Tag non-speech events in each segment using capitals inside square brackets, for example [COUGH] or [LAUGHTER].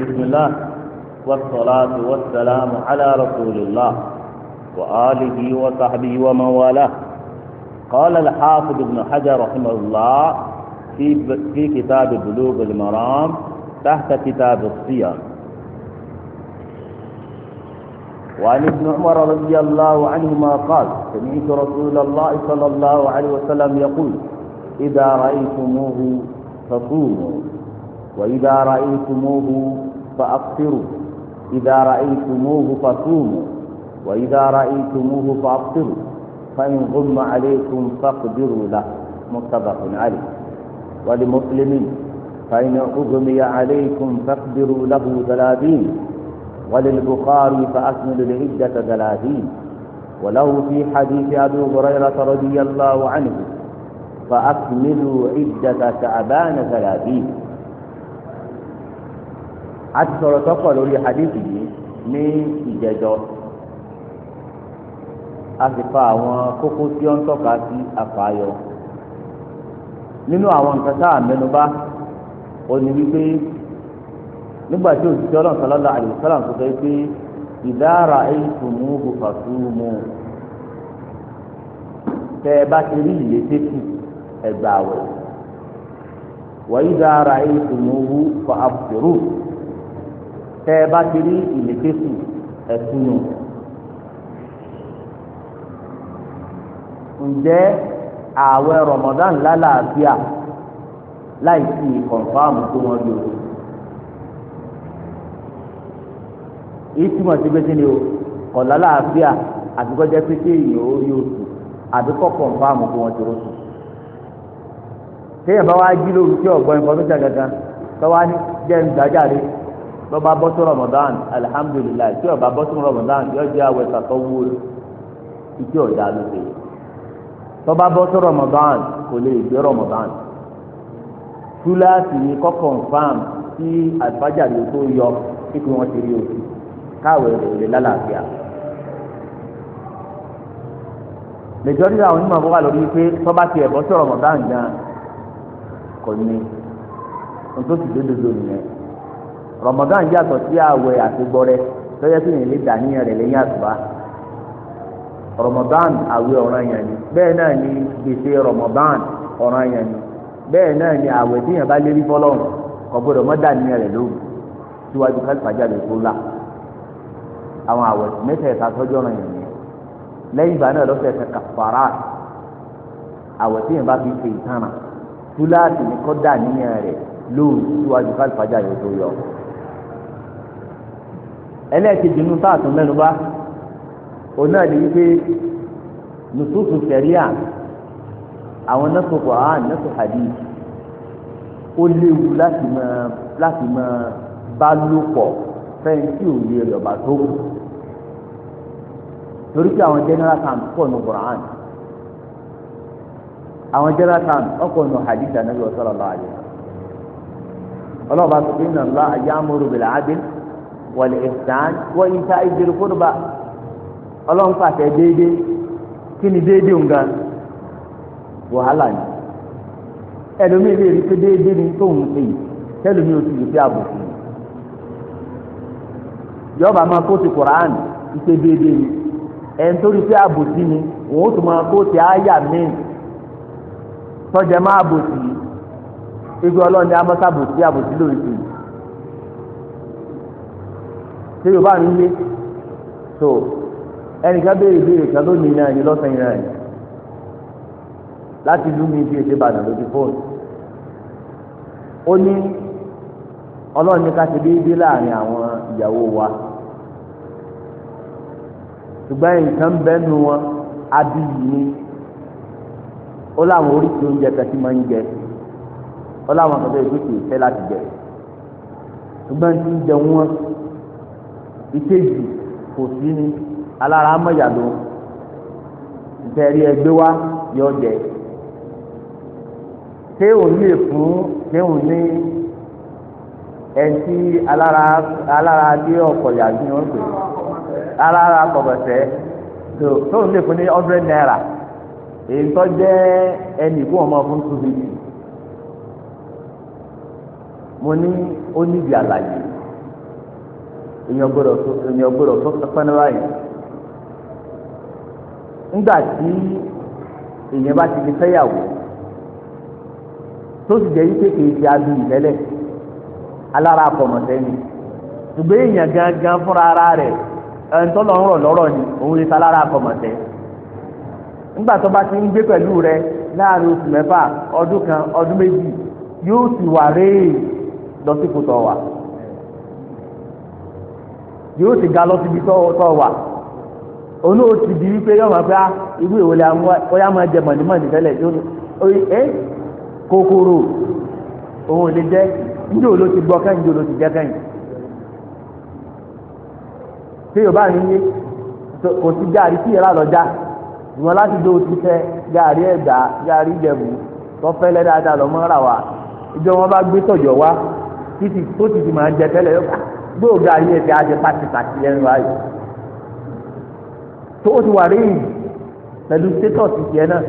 بسم الله والصلاة والسلام على رسول الله وآله وصحبه ومن والاه قال الحافظ ابن حجر رحمه الله في في كتاب بلوغ المرام تحت كتاب الصيام وعن ابن عمر رضي الله عنهما قال سمعت رسول الله صلى الله عليه وسلم يقول إذا رأيتموه فصوموا وإذا رأيتموه فأبصروا إذا رأيتموه فصوموا وإذا رأيتموه فأبصروا فإن غم عليكم فاقدروا له متفق عليه ولمسلم فإن أغمي عليكم فاقدروا له ثلاثين وللبخاري فأكملوا العدة ثلاثين وله في حديث أبي هريرة رضي الله عنه فأكملوا عدة شعبان ثلاثين a ti sọ̀rọ̀ tọ́pọ̀ lórí hadithi yìí ní ìjẹ́jọ́ a sì fa àwọn kókó tí ó ń tọ́ka sí àfààyọ nínú àwọn nǹkan tá a mẹ́nubà ó ní wípé nígbà tí òṣìṣẹ́ ọlọ́run sallallahu alaihi wasallam sọ pé idha ra'aytumuhu fasumu tẹ́ ẹ bá ti rí ìlétẹ́kù ẹgbàá wẹ̀ wa idha ra'aytumuhu fa'absiru. tẹ ẹ bá ti rí ìmẹ̀tẹ́sù ẹ̀túnú. ǹjẹ́ ààwẹ̀ Ramadan lálàáfíà láì sí kọ̀ǹfàmù tó wọ́n lò. ìtumọ̀ sí pé ni o kọ̀ lálàáfíà àtúkọ́jẹ́ pé kí èèyàn ó rí oṣù àdúkọ̀ kọ̀nfàmù tó wọ́n ti rọ́ṣù. téèyàn bá wá jí lóru tí ọ̀gbọ́n ìfọ̀tún ṣàgàgà tó wá ní jẹ́ ń gbàjáde. lọ́ba bọ́ sí Ramadan alihamudulilayi tí ọba bọ́ sí Ramadan yóò jẹ́ àwẹ̀ sàtọ́ wúlò ìtí ọ̀dà ló dé tọ́ba bọ́ sí Ramadan kò lè gbé Ramadan túláàsì ni kọ́kàn fáàm tí àlùfájà ló tó yọ kíkún wọn ti rí oṣù káwé rèé lálàáfíà lẹ́jọ́ àwọn onímọ̀ fún wa lórí pé tọ́ba ti ẹ̀bọ́ sí Ramadan gan kò ní ohun tó ti dé dodo nìyẹn. Ramadan yàtọ̀ sí àwẹ̀ àtigbọ́rẹ́ lọ́yẹ́ sí ní ilé dàníyàn rẹ̀ lẹ́yìn àtúbà Ramadan àwẹ̀ ọ̀ranyàn ni bẹ́ẹ̀ náà ni gbèsè Ramadan ọ̀ranyàn ni bẹ́ẹ̀ náà ni àwẹ̀ tíyàn bá lérí fọlọ́run kò gbọdọ̀ mọ́ dàníyàn rẹ̀ lóhùn síwájú kálífàjáde tó là àwọn àwẹ̀ mẹ́tẹ̀ẹ̀ta tọ́jú ọ̀ranyàn ni lẹ́yìn ìgbà náà lọ́sẹ̀ kan kàfàrà àwẹ̀ tíyàn bá ni kọ́ dàníyàn rẹ̀ lóhùn ẹlẹ́ẹ̀kejì inú táàtù mẹ́nuba òun náà lè yí pé nùtùtù sẹ̀ríà àwọn nẹ́sù Kùránì nẹ́sù hadith ó léwu láti máa láti máa bá lò pọ̀ fẹ́yìn tí òun yẹ rẹ̀ ọ̀bà tó kù torí pé àwọn general camp pọ̀ nù Kùránì àwọn general camp ọkọ̀ nù hadith Ànábì sallallahu alaihi wasallam ọlọ́ọ̀bá sọ pé inna Allaha ya'muru bil 'adli. wal ihsan wa ita ìdìrí kúrúbà ọlọ́run pàṣẹ déédéé kí ni déédéé ni ẹlòmíì lè rí pé déédéé ni tóun ṣe yìí tẹlòmíì ò yọba máa kó ti Kùránì ìṣe déédéé ni ẹn torí ni òun ó tún máa kó ti àyà míì ṣé yorùbá mi yé so ẹnìkan béèrè ìbéèrè kan ló ní iná ẹni lọ́sàn-án iná ẹni láti lú mi bí ètè ìbàdàn lójú fóònù ó ní ọlọ́run ní ká ṣe déédéé láàrin àwọn ìyàwó wa ṣùgbọ́n nǹkan bẹ́nu wọn abiyì ni ó láwọn oríṣi oúnjẹ kan tí máa ń jẹ ó láwọn kan tó yẹ kó kì í láti jẹ ṣùgbọ́n tí ń jẹ wọ́n ìkejì kò sí ni alára mọ̀yàdó ìtẹ̀rí ẹgbẹ́ wa yọ jẹ kéwòn lè fún kéwòn ní ẹtí alára alára dé ọ̀pọ̀lẹ̀ àti wọn pè alára kọ̀bọ̀sẹ̀ tó tóun lè fún ní hundred naira èyí tó jẹ́ ẹnì kó wọn máa fún two fifty mo ní ó níbi àlàyé. èèyàn gbọ́dọ̀ tó pẹ́ẹ́nú báyìí nígbà tí èèyàn bá ti di fẹ́yàwó tó sì jẹ́ wípé ti adu ìtẹ́lẹ̀ alára àkọ̀mọ̀sẹ́ni ṣùgbọ́n èèyàn gangan fúnra ara rẹ̀ ẹ̀ńtọ́lọ̀ lọ́rọ̀ ni òun lè ta alára nígbà tó bá ti ń gbé pẹ̀lú rẹ láàrin oṣù mẹ́fà ọdún kan méjì yóò sì wà réè lọ sí yóò sì ga lọ síbi tọ́ wà onú o ti di wípé yọ̀ọ́ máa fẹ́ ah, irú èwo la ó máa jẹ mọ̀nìmọ̀nì tẹ́lẹ̀ ọ ní oye ẹ kòkòrò òun ò lè jẹ́ njó ló ti gbọ́ kẹ́yìn njó ló ti jẹ́ kẹ́yìn tí yorùbá mi yé kò sí gaari tí ti gaari ẹ̀dá gaari ìjẹ̀bù lẹ́dáadáa lọ́mọ́ra wa ìjọ wọn gbé tọ̀jọ̀ wa títí tó ti ti gbóògà ayé ti á di pátipàti lẹ́nu tó o ti wà rí pẹ̀lú tiẹ̀ náà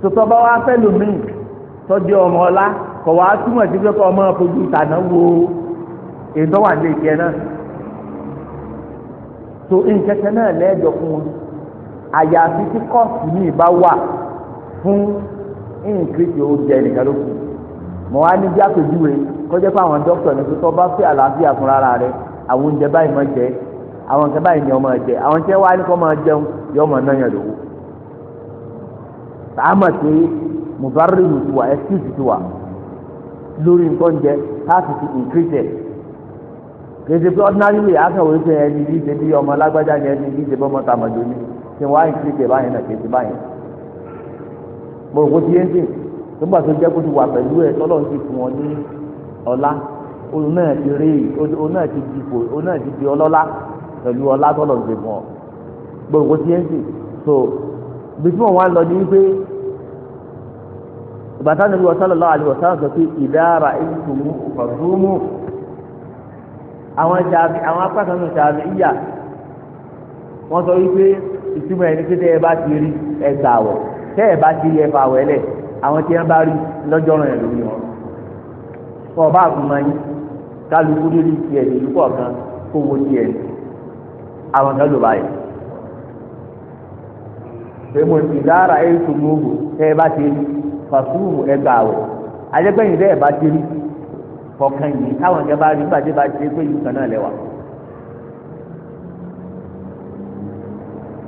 tòtọ́ bá wá fẹ́ lómi tọ́jú ọmọ ọlá kọ̀ wá túmọ̀ sí pé kọ́ ọmọ fojú ìtànà wo èdè náà tó nkẹ́kẹ́ náà lẹ́ẹ̀dọ̀ fún wọn àyàfi tí kọ́ọ̀sì wà fún oúnjẹ mọ̀ wá kọjá pé àwọn dókítà ní tó bá fẹ́ àlàáfíà fúnra rẹ àwọn oúnjẹ báyìí máa jẹ àwọn nǹkan báyìí ni ọmọ jẹ àwọn tí wàá ní kọ́ máa jẹun yọ ọmọ náà yàn lówó. sàámà pé mùbárìrì ti wà ẹ́síìsì ti wà lórí nǹkan jẹ káàkiri ti ìnkírìtẹ̀ kèsì pé ordinary way ẹni ọmọ alágbájá ni ẹni ọmọ tàmàdó ni wá báyìí náà báyìí. mo rò ọlá òun náà ti rí òun náà ti di ipò òun náà ti di ọlọ́lá pẹ̀lú ọlá tọ́lọ̀ ń gbẹ̀mọ̀ gbogbo tí ẹ ń sè so bí tí wọ́n wá lọ ní wípé ìbátan níbi ọ̀sán lọ́wọ́ àti ọ̀sán sọ pé ìdára ìtumú fàdúmù àwọn ṣáàbì àwọn apákanú ṣáàbì ìyà wọ́n sọ wípé ìtumọ̀ ẹni pé tẹ́ ẹ bá ti rí ẹ gbà wọ̀ tẹ́ ẹ bá ti rí ẹ fà wẹ́lẹ̀ àwọn tí wọ́n bá rí lọ́jọ́ rẹ̀ lórí wọn kọ́ ọba àgùnmọ̀ yín kálukú lórí tiẹ̀ lèlú kọ̀ọ̀kan kó wo tiẹ̀ àwọn kan ló báyìí. èmo ìdára ètò gbogbo tẹ́ ẹ bá ti rí fàtúùmù ẹgbà àwẹ̀ ajẹ́gbẹ́yìn bẹ́ẹ̀ bá ti rí kọ̀ọ̀kan yìí táwọn kan bá rí gbàdé bá ti rí pé yìí kan náà lẹ́wà.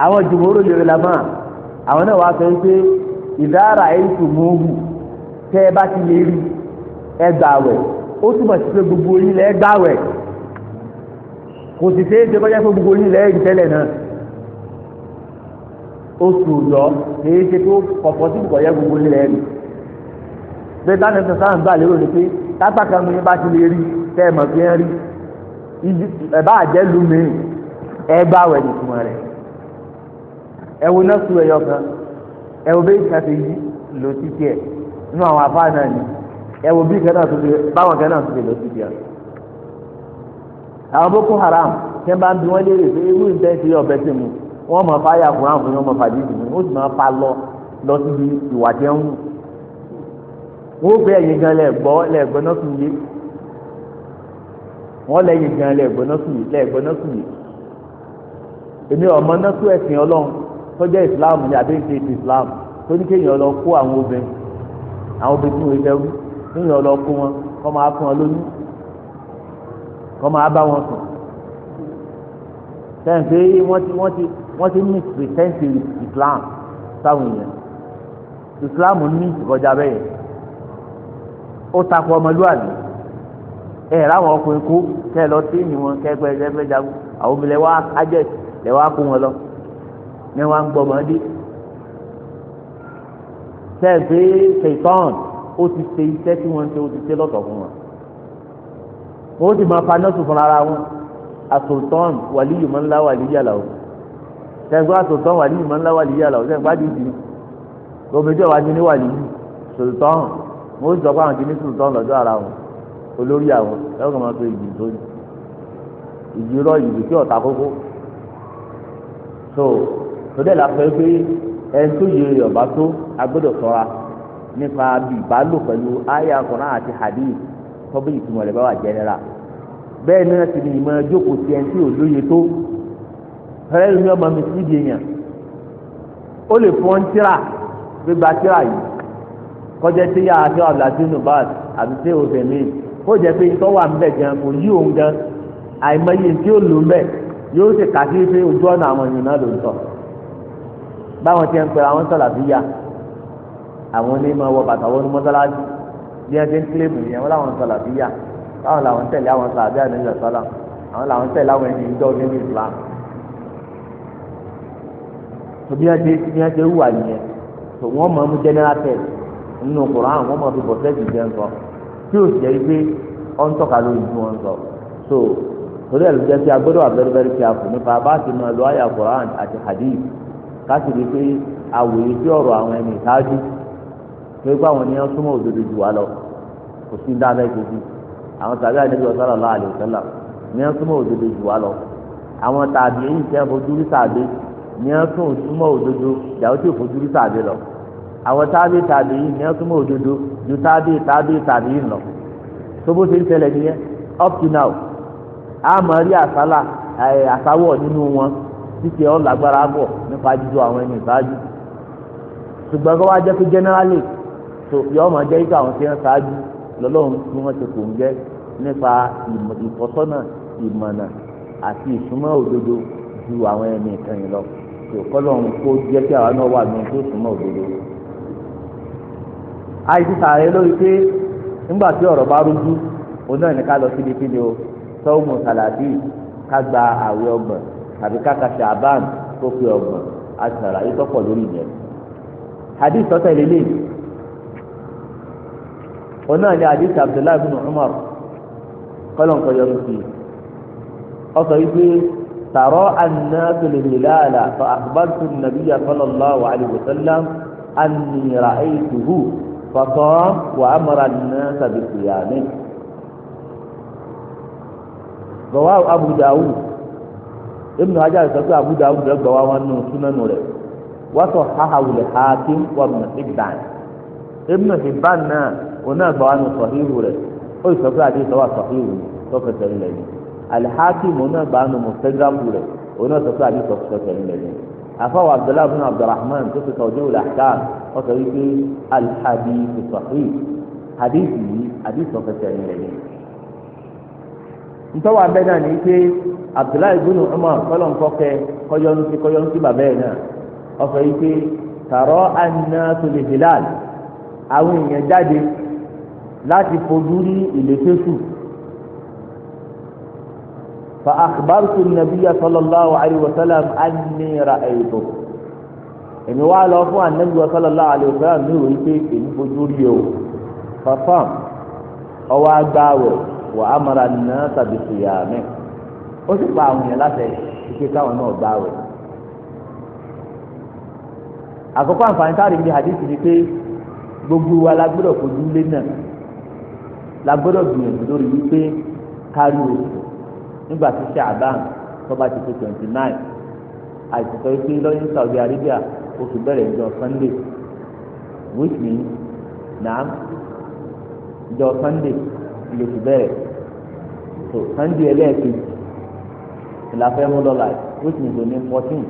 àwọn jùmọ̀rò lè lamọ́ àwọn náà wá sọ pé ìdára ètò gbogbo tẹ́ ẹ bá ti lè rí. ẹgbàwẹ̀ ó túmọ̀ sí pé gbogbo yín lẹ́ gbàwẹ̀ kò sì ṣe é ṣe kọjá pé gbogbo yín lẹ́ rí tẹ́lẹ̀ náà oṣù lọ kìí ṣe pé kọ̀fọ́ sí ìkọ̀yẹ́ gbogbo yín lẹ́ rí bẹ́ẹ̀ táwọn ẹ̀sán sáà ń gbà lérò ni pé tápá kan ní bá ti lè rí tẹ́ ẹ̀ mọ̀ fi ń rí ẹ̀bá mi gbàwẹ̀ ẹ wo bí kan náà tóbi báwọn kan náà tóbi lọ sí bíà àwọn boko haram kí wọn bá ń bi wọn léèrè pé irú ìtẹ́ ti ọbẹ̀ ti mu wọn mọ̀ fáyà kúrán fún yín wọn mọ̀ fàdí ìdìbò wọn sì máa fa lọ lọ síbi ìwà tí wọn wù wọn gbé ẹ̀yìn gan lẹ́gbọ́ lẹ́gbọ́ náà sùn yé wọn lẹ́yìn gan lẹ́gbọ́ náà sùn yé lẹ́gbọ́ náà sùn yé èmi ọmọ náà tó ẹ̀sìn ọlọ́run tó jẹ́ ìsìláàmù ni àbẹ́ǹkì ìsìláàmù tó ní kéèyàn lọ kó àwọn obìnrin àwọn obìnrin tí wọ́n fẹ́ wú nínú ọlọ kó wọn kọ́ máa fún ọ lóyún kọ́ máa bá wọn sùn sẹ́yìn pé wọ́n ti wọ́n ti wọ́n ti mix present Islam sáwọn èèyàn Islam ní ìkọjá bẹ́ẹ̀ ó takò ọmọlúwàbí ẹ̀ láwọn ọkùnrin kú kẹ́ ẹ lọ sí ìyìn wọn kẹ́ ẹ pẹ́ ẹ fẹ́ jagun àwọn obìnrin wa ajẹ́ lẹ́ wá kó wọn lọ ní wọn gbọ́ ọmọdé sẹ́yìn pé ṣètọ́n ó ti ṣe iṣẹ́ tí wọ́n ń ṣe ó ti ṣe lọ́tọ̀ fún wọn. wọ́n ti máa panẹ́sù fúnra ara wọn asultan wàlíyù máa ń lá wàlíyù àlàó sẹ́gbọ́n asultan wàlíyù máa ń lá wàlíyù àlàó sẹ́gbọ́n àdìsí lóbìnrin wa ti ní wàlíyù sultan wọ́n ti sọ pé ti ní sultan lọ́dọ̀ ara wọn olórí àwọn ẹ̀rọ máa pe ìjì tó ní ìjì rọ ìjì tí ọ̀tá kókó so tòdẹ́ la fẹ́ pé ẹni tó yẹ ọ̀bá tó agbọ́dọ̀ ṣọ́ra. nípa ìbálò pẹ̀lú àyà Kùránì àti hadith tọ́bí ìtumọ̀ rẹ̀ bá wà jẹ́nẹ́ra bẹ́ẹ̀ náà sì ni ìmọ̀ tiẹ̀ ń tí ò lóye tó fẹ́rẹ́ lómi ọmọ mi sí ibi èèyàn ó lè fọ́n tíra tíra yìí kọjá tí yàrá tí àbí tí o fẹ̀mí ó jẹ́ pé wà ń bẹ̀ gan kò yí òun gan àìmọye tí ó lò ń bẹ̀ yóò ṣe kàkiri pé ojú ọ̀nà àwọn náà ló ń tọ̀ báwọn ti àwọn onímọ̀ wọ bàtà wọn ní mọ́sálásí bí wọ́n ti ń kílèmù yẹn wọ́n làwọn sọ̀là bí yà táwọn làwọn tẹ̀lé àwọn sàbí àdéhùn sọ́là àwọn làwọn tẹ̀lé àwọn ẹni ìjọ nínú Islam tó bí wọ́n ti bí wọ́n ti wù àyẹn tó wọ́n mọ̀ mú general nínú Quran wọ́n mọ̀ fi bọ̀ sẹ́ẹ̀sì jẹ́ ńsọ tí ó sì jẹ́ pé ń tọ́ka lórí ju wọn sọ so torí ẹ̀ ló jẹ́ pé a gbọ́dọ̀ wà very very careful nípa bá a ti máa lo àyà Quran àti hadith ká sì rí pé àwòrán sí ọ̀rọ̀ àwọn ẹni ìṣáájú pé kó àwọn ènìyàn súnmọ́ òdodo jù wá lọ kò sí dáadáa ìgbésí àwọn tàbí àdébí ọ̀sán ọ̀la àlè òsánlá ènìyàn súnmọ́ òdodo jù wá lọ àwọn tàbí èyí tẹ́ fojú rí tàbí ènìyàn tún súnmọ́ òdodo ìyàwó tí ò fojú rí tàbí lọ àwọn tàbí tàbí ènìyàn súnmọ́ òdodo ju tàbí tàbí tàbí lọ tó bó ṣe ń tẹ̀lé nìyẹn up to now a mọ̀ rí àsálà àsáwọ̀ nínú wọn títí ọ̀ lágbára bọ̀ nípa jíjọ àwọn ẹni ìbájú ṣùgbọ́n kó wá jẹ́ pé generally tó yọ ọmọ jẹ́ ikú àwọn tí wọ́n ṣáájú lọ́lọ́run tí ti kò ń jẹ́ nípa ìfọ́sọ́nà ìmọ̀nà àti ìsúnmọ́ òdodo ju àwọn ẹni kan yìí lọ tó kọ́lọ́run kó jẹ́ kí àwọn náà wà lóhun tó súnmọ́ òdodo. àìsí o sọ́ọ̀mù sàlàbí ká gba àwẹ̀ ọgbọ̀n tàbí ká ka tó fi ọgbọ̀n àti tọ́pọ̀ òun náà ni àdìsí abdullahi bin umar kọlọ̀n kọjọ ló fi ọ sọ wípé tààrọ anáfẹlẹ hilala fa akhbartu nabiya sallallahu alayhi wa sallam anni ra'aytuhu fasọm wa amara nasa bi qiyamih. gbọ̀wá abu dawud ibnu hajar sọ pé abu dawud rẹ gbọ̀wá wọn nù súnánù rẹ wọ́n hakim wa ibn hibban ibnu hibban náà òun náà gbọ́ wánu sọ̀híhù rẹ̀ ó sì sọ pé àti ìsọ̀wà sọ̀híhù ni tó fẹsẹ̀ ń lẹ̀ ni alihakim òun náà gbọ́ wánu mùsẹ̀gáfù rẹ̀ òun náà sọ pé àti ìsọ̀ fẹsẹ̀ ń lẹ̀ ni afọwọ́ abdullahi bin abdulrahman tó ti sọ̀jọ́ wùlẹ̀ àkàr ó sọ wípé alihadithi sọ̀híhù hadithi yìí àti ìsọ̀ fẹsẹ̀ ń lẹ̀ ni. ntọ́wọ́ abẹ́ náà ni pé abdullahi bin umar kọ́lọ́nkọ́kẹ́ kọ́yọ́nù sí kọ́yọ́nù sí bàbá ẹ̀ náà ó sọ wípé tàrọ́ àná tó lè hilal àwọn èèyàn jáde láti fojú rí ìlétésù fa akhbartu nabiya sallallahu alayhi wa sallam anni ra'aytu èmi wá lọ fún anabi wa sallallahu alayhi wa sallam mi ò rí pé èmi fojú rí o fafam ọwọ́ agbáwẹ̀ wà á mara nà siyami ó sì pa àwọn èèyàn láti ike káwọn náà gbáwẹ̀ àkọ́kọ́ àǹfààní táàrí ibi hadith ni pé gbogbo wa la gbọ́dọ̀ fojú lé náà la gbọ́dọ̀ gbìyànjú lórí wípé kárí oṣù nígbà tí ṣàbán tó bá ti tó twenty nine àìsàn ìpín lọ́yìn Saudi Arabia oṣù bẹ̀rẹ̀ ìjọ Sunday which means naam ìjọ Sunday lóṣù bẹ̀rẹ̀ so Sunday ẹlẹ́ẹ̀kejì ìlàfẹ́ mú dọ́là which means òní fourteen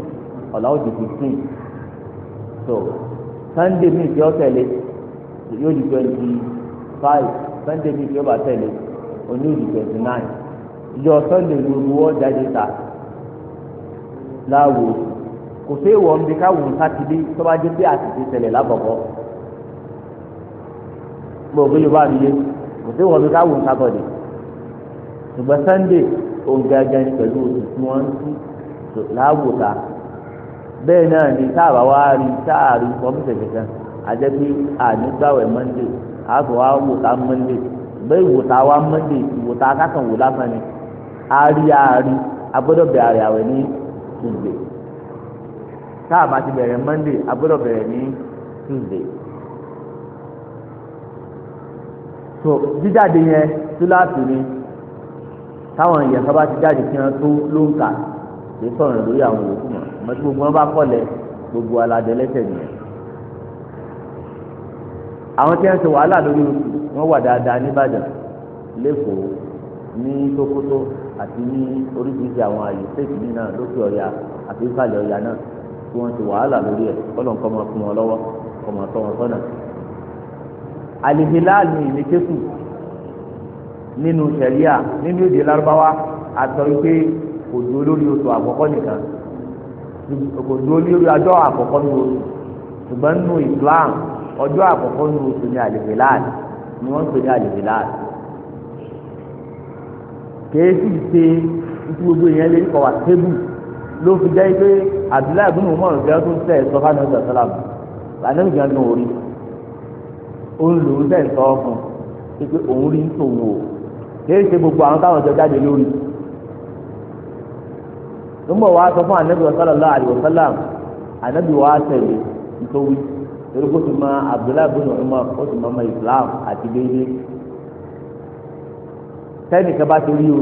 ọ̀làwọ̀dì fifteen so Sunday mi ìjọ tẹ̀lé yóò di twenty five sunday bíi tí ó bá tẹ̀lé òní yóò di twenty nine ìjọ sunday ló lu wọ́n jáde ta láwo kò sí ìwọ ń bi káwọn sátidé tó bá dé pé àtìsí ṣẹlẹ̀ lábọ̀bọ̀ mo gbé yorùbá mi yé kò sí ìwọ ń bi káwọn sábọ̀dé ṣùgbọ́n sunday òun gẹ́gẹ́ ní pẹ̀lú oṣù tí wọ́n ń tú láwò ta bẹ́ẹ̀ náà ni táàbà wá rí táàrí ọmọ tẹ̀sẹ̀ kan àjẹpé ànígbàwẹ̀ mọ́ndé àfọ̀ wa wò ká mọ́ndé bẹ́ẹ̀ wò tá wa mọ́ndé wò tá akákan lásán ni àárí àárí agbọ́dọ̀ bẹ̀rẹ̀ àwẹ̀ ní tuesday tá a bá ti bẹ̀rẹ̀ mọ́ndé agbọ́dọ̀ bẹ̀rẹ̀ ní tuesday. so jíjáde yẹn túláàtì ni táwọn èèyàn sábà ti jáde kí wọn tó ló ń kà lè sọ̀rọ̀ lórí àwọn òkú mọ̀ mọ́tí gbogbo wọn bá kọ́lẹ̀ gbogbo aládẹ́lẹ́sẹ̀ nìyẹn àwọn tí wọ́n ṣe wàhálà lórí oṣù wọ́n wà dáadáa nìbàdàn lẹ́kọ̀ọ́ ní tókótó àti ní oríṣiríṣi àwọn àyè stéèkì yìí náà lókè ọ̀yà àti ìsàlẹ̀ ọ̀yà náà tí wọ́n ṣe wàhálà lórí ẹ̀ kọ́lọ̀ nǹkan máa fún wọn lọ́wọ́ kọ́ máa tọ́ wọn sọ́nà. al-hilal ni ìmẹ̀kẹ́sù nínú ṣẹ̀ríà nínú èdè lárúbáwá àtọ́ wípé kò dúró lórí oṣù àkọ́kọ́ nìkan kò dúró lórí ọjọ́ àkọ́kọ́ nínú oṣù nínú Islam ọjọ́ àkọ́kọ́ ní oṣù ní àlèfèláàd ni wọ́n ń pè ní àlèfèláàd kèésì ṣe ikú gbogbo ìyẹn lè kọ́ wa tébù ló fi jẹ́ pé abdullahi bin umar ọ̀gbẹ́ tó ń tẹ̀ sọ fún anabi sàlámù lànàmì gan gan orí òun lòún tẹ̀ sọ fún pé òun rí tòun o kèésì gbogbo àwọn táwọn jọ jáde lórí nígbà wàá sọ fún anabi sallallahu alaihi wasallam anabi wàá tẹ̀lé nítorí torí kó ti ma abdullahi bin umar kó ti ma ma islam àti déédéé sẹ́ni kaba ti rí o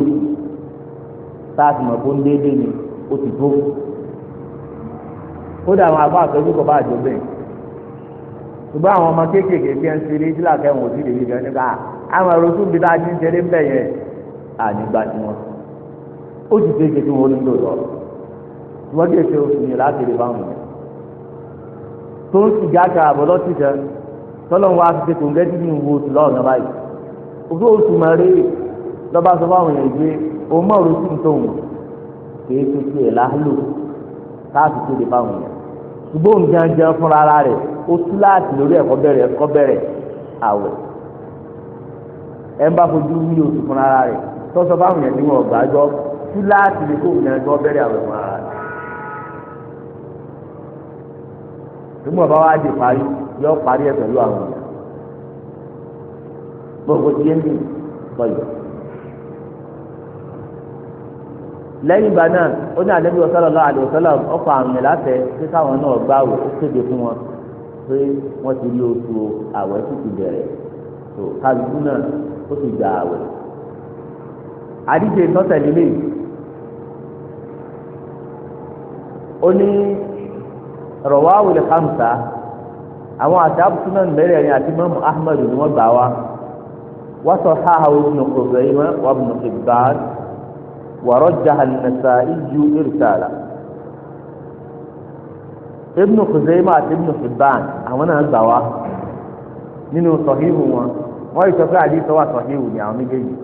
sáàtì mọ̀ fún déédéé ni ó ti tó kódà àwọn àbá àtọ́jú kọ́ bá àjọ bẹ́ẹ̀ ṣùgbọ́n àwọn ọmọ kéékèèké fi ń ṣeré tí làkẹ́wọ̀n ò sí lè rí gan nípa àwọn ẹ̀rọ tún bí láti ń ṣeré ń bẹ̀ yẹn ànígbà tí wọ́n ó ti ṣe é ṣe tí wọ́n ń lò lọ ṣùgbọ́n kí èso oṣù yẹn láti rí báwọn yẹn tó ń sìgá ka àbọ̀dọ́ ti tẹ tọ́lọ́ wa ti tètè ńgẹ́ dídì ń wo oṣù lọ́wọ́ náà báyìí òfin oṣù mẹ́rẹ́ lọ́ba sọ fáwọn èèyàn gbé òun mọ̀ ọ̀rọ̀ sí tóun kìí ṣe ti ẹ̀ láhùlò káàtì kéde fáwọn èèyàn ṣùgbọ́n òun jẹunjẹun fúnra ara rẹ̀ ó tú láti lórí ẹ̀kọ́ bẹ̀rẹ̀ ẹ̀kọ́ bẹ̀rẹ̀ àwẹ̀ ẹ̀ ń bá fojú wí oṣù fúnra ara rẹ̀ tọ́sọ fáwọn èèyàn ní wọn gbàjọ́ tú láti lè kó òun jẹun tó bẹ̀rẹ̀ àwẹ̀ fúnra ara nígbà bá wá di parí yọ parí ẹ pẹ̀lú àwọn èèyàn gbogbo tí ń bì bọ̀yọ̀. lẹ́yìn ìgbà náà ó ní àdébí sallallahu alaihi wasallam ọkọ̀ àwọn èèyàn látẹ̀ pé káwọn náà gbá wò ó kéde fún wọn pé wọ́n ti rí oṣù àwẹ̀ tó ti bẹ̀rẹ̀ tó kálukú náà ó ti gbà àwẹ̀. àdíje tọ́tẹ̀lélẹ́yìn ó ní rọwáwù lè kàmsà àwọn àtàkùn náà mẹ́rẹ̀ ẹ̀yìn àti mọ́mù ahmed ni wọ́n gbà wá wọ́n sọ ha àwọn ìbùnùkọ̀ bẹ́ẹ̀ wọ́n bùnùkọ̀ bẹ́ẹ̀ ورجح النسائي إرسالا ابن خزيمة ابن حبان أمانا الزوا nínú sọ̀híhù wọn wọ́n yìí sọ pé àdìsọ wà sọ̀híhù ní àwọn méjèèjì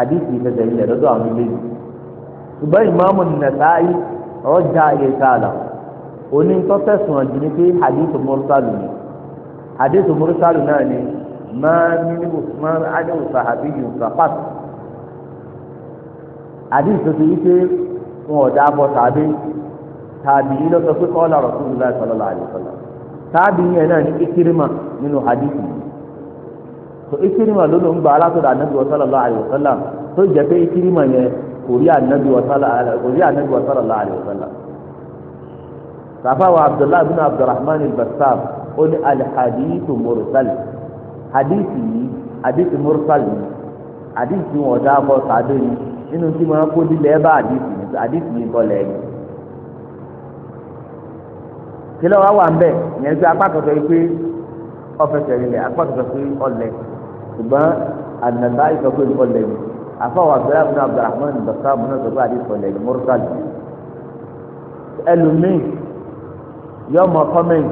àdìsí ìfẹsẹ̀ ilẹ̀ lọ́dọ̀ àwọn méjèèjì ṣùgbọ́n ìmáàmù Nasa'i rọ́jà ilé sáàlà onítọ́tẹ̀sùn ọ̀jù ni pé hadith mursalu ni hadith mursalu náà ni máa ní usman adéhùn sahabi yìí sàfàt hadith tó ti wípé wọn ò dáa bọ tàbí tàbí yìí lọ sọ pé kọ́lá rasulullah sallallahu alaihi wasallam tàbí yẹn náà ní ikirima nínú hadith yìí so ikirima ló ló ń gba alásọ̀rọ̀ anabi wa sallallahu alaihi wasallam tó jẹ́ pé ikirima yẹn kò rí anabi wa sàfàwọ̀ abdullahi bin abdulrahman al-bassam ó ní alhadithu mursal hadithi yìí hadithi mursal yìí hadithi wọn ọ̀dà akọ sàdé yìí nínú tí wọn kó dilẹ̀ ẹ bá hadithi yìí hadithi yìí kọ́ lẹ́yìn. kílẹ̀ wá wà ń bẹ̀ yẹn fi apá kọ̀tọ̀ yìí pé ọ̀fẹsẹ̀ rẹ̀ apá kọ̀tọ̀ pé ọ̀lẹ̀ ṣùgbọ́n ànàbá yìí sọ pé ọ̀lẹ̀ yìí àfàwọ̀ abdullahi bin abdulrahman náà sọ pé hadithi ọ̀lẹ̀ yìí mursal yìí ẹlòmíì yóò mọ comment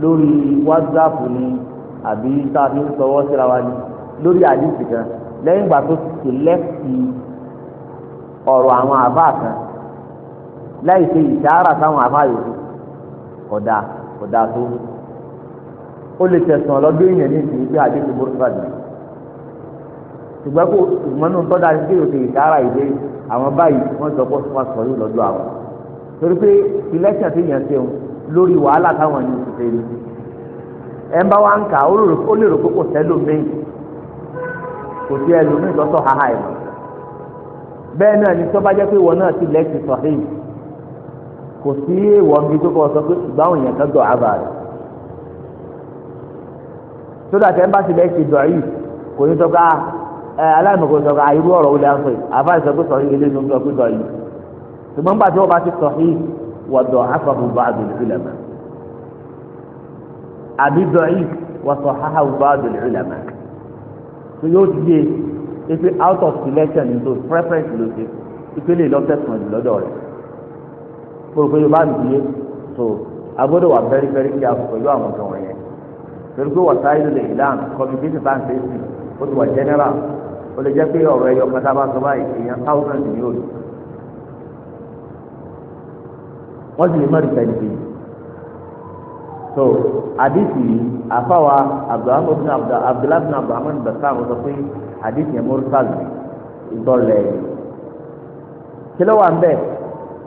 lórí whatsapp ni àbí tá a fi ń sọwọ́ síra wa ni lórí àdìsí kan lẹ́yìn ìgbà tó ti lẹ́sì ọ̀rọ̀ àwọn àbá kan láì ṣe ìṣàárà táwọn àbá yòókù kódà kódà tó ó lè tẹ̀sán lọ́dún èèyàn ní ìsìn ìgbé àdìsí burúkú àdìsí ṣùgbọ́n kó ìmọ̀nù tọ́da ní kí o ṣe ìṣàárà ìdé àwọn báyìí wọ́n sọ pé wọ́n sọ yóò lọ́dún àwọn torí pé election ti yàn ṣeun lórí wàhálà táwọn yìí ti fẹ́ẹ́ ẹ̀ ń bá wa ń kà ó lè rò pé kò sẹ́lòmíì kò sí ẹlòmíì tó sọ haha ẹ̀ bẹ́ẹ̀ náà ni tó bá jẹ́ pé ìwọ náà ti lẹ́ẹ̀kì sọ̀hìn kò sí ìwọ mi tó kọ́ sọ pé ìgbà yẹn kan dọ̀ àbà rẹ̀ sódà tẹ́ ń bá ti lẹ́ẹ̀kì dọ̀ yìí kò ní sọ́ka ah, ẹ aláìmọ̀kò sọ́ka ah, irú ọ̀rọ̀ olè àfẹ́ àbá sọ pé dọ̀ ṣùgbọ́n gbàtí wọ́n bá ti sọ̀hí wọ̀dọ̀ afọ̀bùbọ̀ àdùlùfìlẹ̀mà àbí dọ̀yì wọ̀sọ̀ hahàbùbọ̀ àdùlùfìlẹ̀mà tó yóò ti yé epe out of selection into preference ló ṣe ìpele ìlọ́tẹ̀sán lọ́dọ̀ rẹ̀ kórópé yóò bá nìyé so agbọ́dọ̀ wà very very careful pẹ̀lú àwọn ọ̀gá wọ̀nyẹn torí pé wọ̀sá ìlú lè ìlànà communication bá ṣe é sí ó ti wà general ó lè jẹ́ pé ọ̀rọ̀ ẹ̀yọ̀ kan tá wọ́n sì lè má rí tẹ̀lé kejì so àdìsí àfàwà abdulhamid bin abdulhamid bin abdulhamid bin bassam sọ pé àdìsí yẹn mursal ìdọ́lẹ̀ kí ló wà ń bẹ̀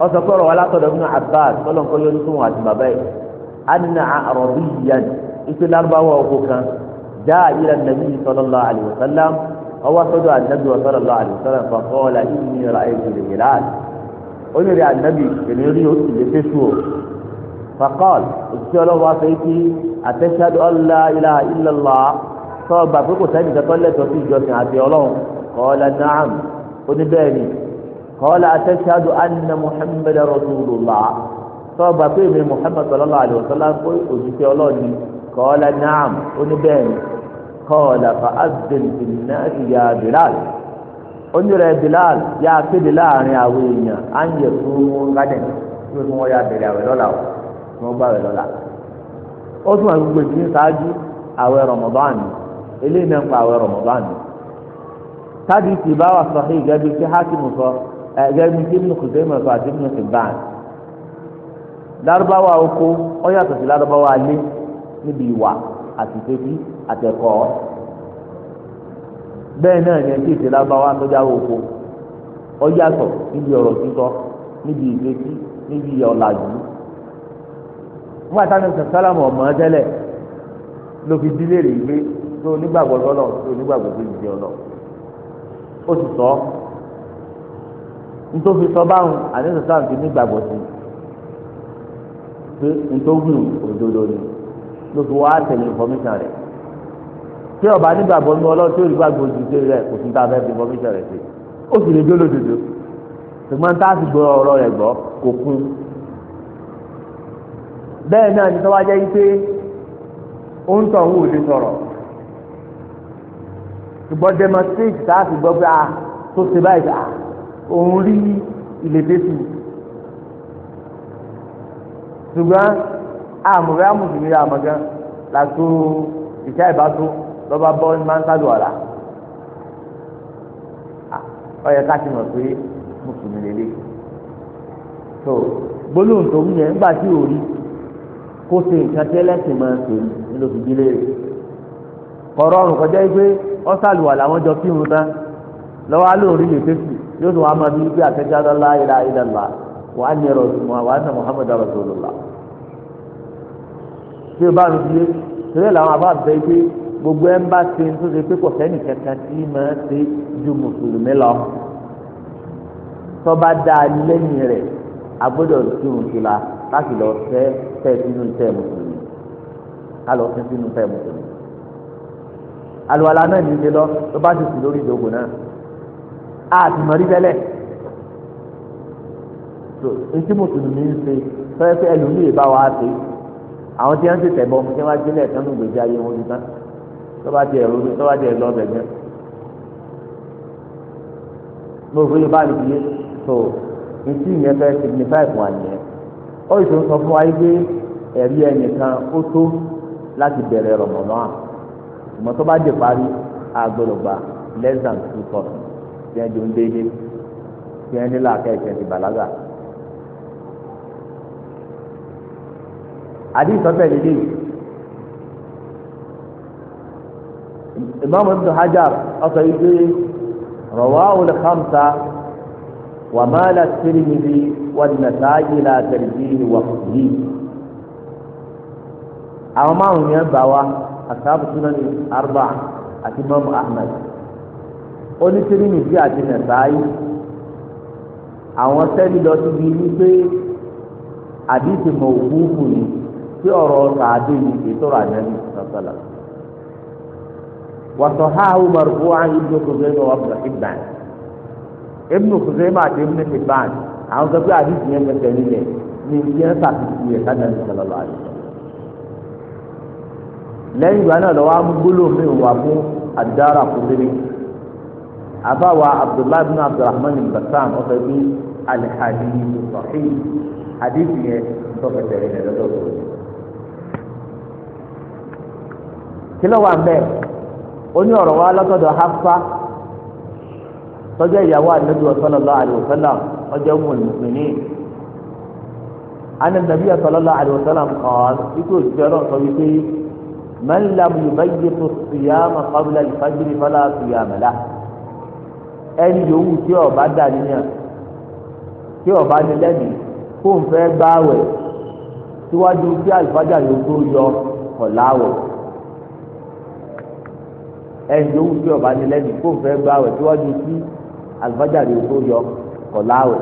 ọ sọ pé ọ̀rọ̀ wa látọ̀dọ̀ nínú abbas tọ́lọ̀ ń kọ́ yọrí fún wọn àti bàbá yìí anna arọ̀bíyàn ìpè lárúbáwá oko kan jaa ila nabi sallallahu alayhi wa sallam ọwọ́ sọ́dọ̀ àdìsí sallallahu alayhi wa sallam fa qala inni ra'aytu al-hilal onírè ànábì èmi rí o sì lè fésù o fakọọl òṣìṣẹ́ ọlọ́wọ́ afẹ́ kí atashhadu an la ilaha illallah sọ̀rọ̀ gbà pé kò sẹ́ni kankan lẹ́tọ̀ọ́ sí ìjọsìn àti ọlọ́run kọ́ọ́lá naam oníbẹ̀ẹ́ni kọ́ọ́lá atashhadu anna muhammad rasulullah sọ̀rọ̀ gbà pé èmi muhammad sallallahu alaihi wasallam pé òṣìṣẹ́ ọlọ́run ni kọ́ọ́lá naam oníbẹ̀ẹ́ni kọ́ọ́lá fa azbil bin nas onyere bilal ya kéde láàrin àwọn èèyàn á ń yẹ fún wọn gádẹ wípé fún wọn yá bẹ̀rẹ̀ o fún gbogbo ìdílé ṣáájú àwẹ̀ rọmọbán eléyìí náà ń pa àwẹ̀ rọmọbán táàdì tí bá wà sọhí gẹbi tí hákìmù sọ ẹ gẹbi tí oko yàtọ̀ sí níbi ìwà àti ìfẹ́bí bẹ́ẹ̀ náà ni ẹtí ìṣẹ̀lẹ̀ abáwá sọ́jà oko ọ̀yàtọ̀ níbi ọ̀rọ̀ sísọ níbi ìgbésí níbi ọ̀làjú nígbà táwọn sàlámù ọ̀mọ́ tẹ́lẹ̀ ló fi dílé rè gbé tó onígbàgbọ́ lọ́lọ́ tó onígbàgbọ́ tó ìdí ọ̀lọ́ ó sì sọ nítorí sọ báwọn àdéhùn ti nígbàgbọ́ sí pé òdodo ni ló fi wá tẹ̀lé information rẹ̀ tí ọba nígbàgbọ́ ní ọlọ́run tí ó rí gbàgbọ́ ojú tó rẹ̀ kò tún tá a fẹ́ fi bọ́mí sọ̀rọ̀ sí ó sì lè dé lódodo ṣùgbọ́n tá a sì gbọ́ ọ̀rọ̀ rẹ̀ gbọ́ kò kún. bẹ́ẹ̀ náà ni tọ́wá jẹ́ wípé ó ń tọ̀hún òde sọ̀rọ̀ ṣùgbọ́n demonstrate tá a sì gbọ́ pé a tó ṣe báyìí a òun rí ìlédèsù ṣùgbọ́n àmọ̀rẹ́ àmùsùn ní àmọ̀gán làtó ìṣá ìbátó lọ́ba bọ́ máa ń sálù ọ̀la ọyẹ ká ti mọ̀ pé mùsùlùmí lélẹ̀ tó gbólóhùn tó ń yẹ ńgbà tí ò rí kó ṣe nǹkan tí ẹlẹ́sìn máa ń ṣe nílò fi dílé rẹ̀ kọ̀rọ̀ ọ̀rùn kọjá yìí pé wọ́n sálù ọ̀la wọn jọ kírun tán lọ́wọ́ alóòrí lè fèsì yóò tún wàá máa bí bí àtẹ̀jáde la ilaha illallah wa anna wa anna Muhammadan rasulullah tí o bá rú bíyé tẹ́lẹ̀ làwọn àbá pé gbogbo ẹ̀ ń bá ṣe ń tó ṣe pé kò sẹ́nì kankan tí máa ṣe ju mùsùlùmí lọ tọ́ba dá a lẹ́yìn rẹ̀ a gbọ́dọ̀ tí òun la láti lọ fẹ́ fẹ́ sínú iṣẹ́ mùsùlùmí ká lọ fẹ́ sínú iṣẹ́ mùsùlùmí àlùwàlá náà ní í ṣe lọ tó bá ti sùn lórí ìdógò náà a ti mọ̀ rí tẹ́lẹ̀ tó etí mùsùlùmí ń ṣe fẹ́ẹ́ fẹ́ ẹlòmíì bá wa ṣe àwọn tí wọ́n ti tẹ̀ bọ́ ọmọ tí wọ́n á gbélé ẹ̀tàn nù gbèjà yẹn wọn ti tán tọ́ba ti ẹ̀rọ tọ́ba ti ẹ̀rọ ọbẹ̀ gẹ́ gbogbo yóò bá lè fi yé so etí yẹn fẹ́ signify fún àyẹ̀ ó yìí tó ń sọ fún wa yìí pé ẹ̀rí ẹnìkan ó tó láti bẹ̀rẹ̀ rọ̀mọ̀nà à ìmọ̀ tó bá dé parí àgbọ̀lọ̀gbà less than two thousand tí ẹ jọ ń déédéé tí ẹ nílò akẹ́kẹ́ ti bàlágà. àdìsọ́fẹ̀ lélẹ́yìí. imam ibn hajar ọsọ yìí pé rawahul khamsa wà má la Tirmidhi wà Nasa'i la tẹ̀lifí wà yìí. àwọn márùn yẹn bá wa asáàbù sunan arba àti imam ahmed oní Tirmidhi àti Nasa'i àwọn sẹ́ni lọ síbi wípé àdìsí mọ̀ òkú kù ní tí ọ̀rọ̀ ọ̀sà àdéhùn ètò ìrànlẹ́bí sọ́sọ́lá. وصححه مرفوعا ابن خزيمة وابن حبان ابن خزيمة ابن حبان àwọn sọ pé àdìsí yẹn fẹsẹ̀ nílẹ̀ ní ìdí ẹ̀ sàkìsì yẹn ká nàbí sọlọ́lá àdìsí. lẹ́yìn ìgbà náà lọ́wọ́ amúgbóló mi wà fún àdára kúndínlẹ̀ àbáwa abdullahi bin abdulrahman bassam ọ̀sẹ̀ bí alihadi sọ̀hí àdìsí yẹn sọ fẹsẹ̀ rẹ̀ lọ́dọ̀ kí ló wà ń bẹ́ẹ̀ oní ọ̀rọ̀ wa lọ́tọ̀dọ̀ hafa tọ́jú ìyàwó àdúgbò sallallahu alaihi wasallam ọjọ́ mùsùlùmí ana nabi sallallahu alaihi wasallam kọ́ọ̀n ikú òṣìṣẹ́ ọlọ́run sọ wípé man lam yubayyitu siyama qabla al-fajri fala siyama lah ẹni yòówù tí ọba dà níyàn tí ọba ní lẹ́nu kó fẹ́ gbáwẹ̀ síwájú kí àlùfájà yóò tó yọ ọ̀làwẹ̀ ẹnjọ wù sí ọba ni lẹbi kó fẹ́ gba àwẹ̀ síwájú sí alifájàre tó yọ kọlá àwẹ̀.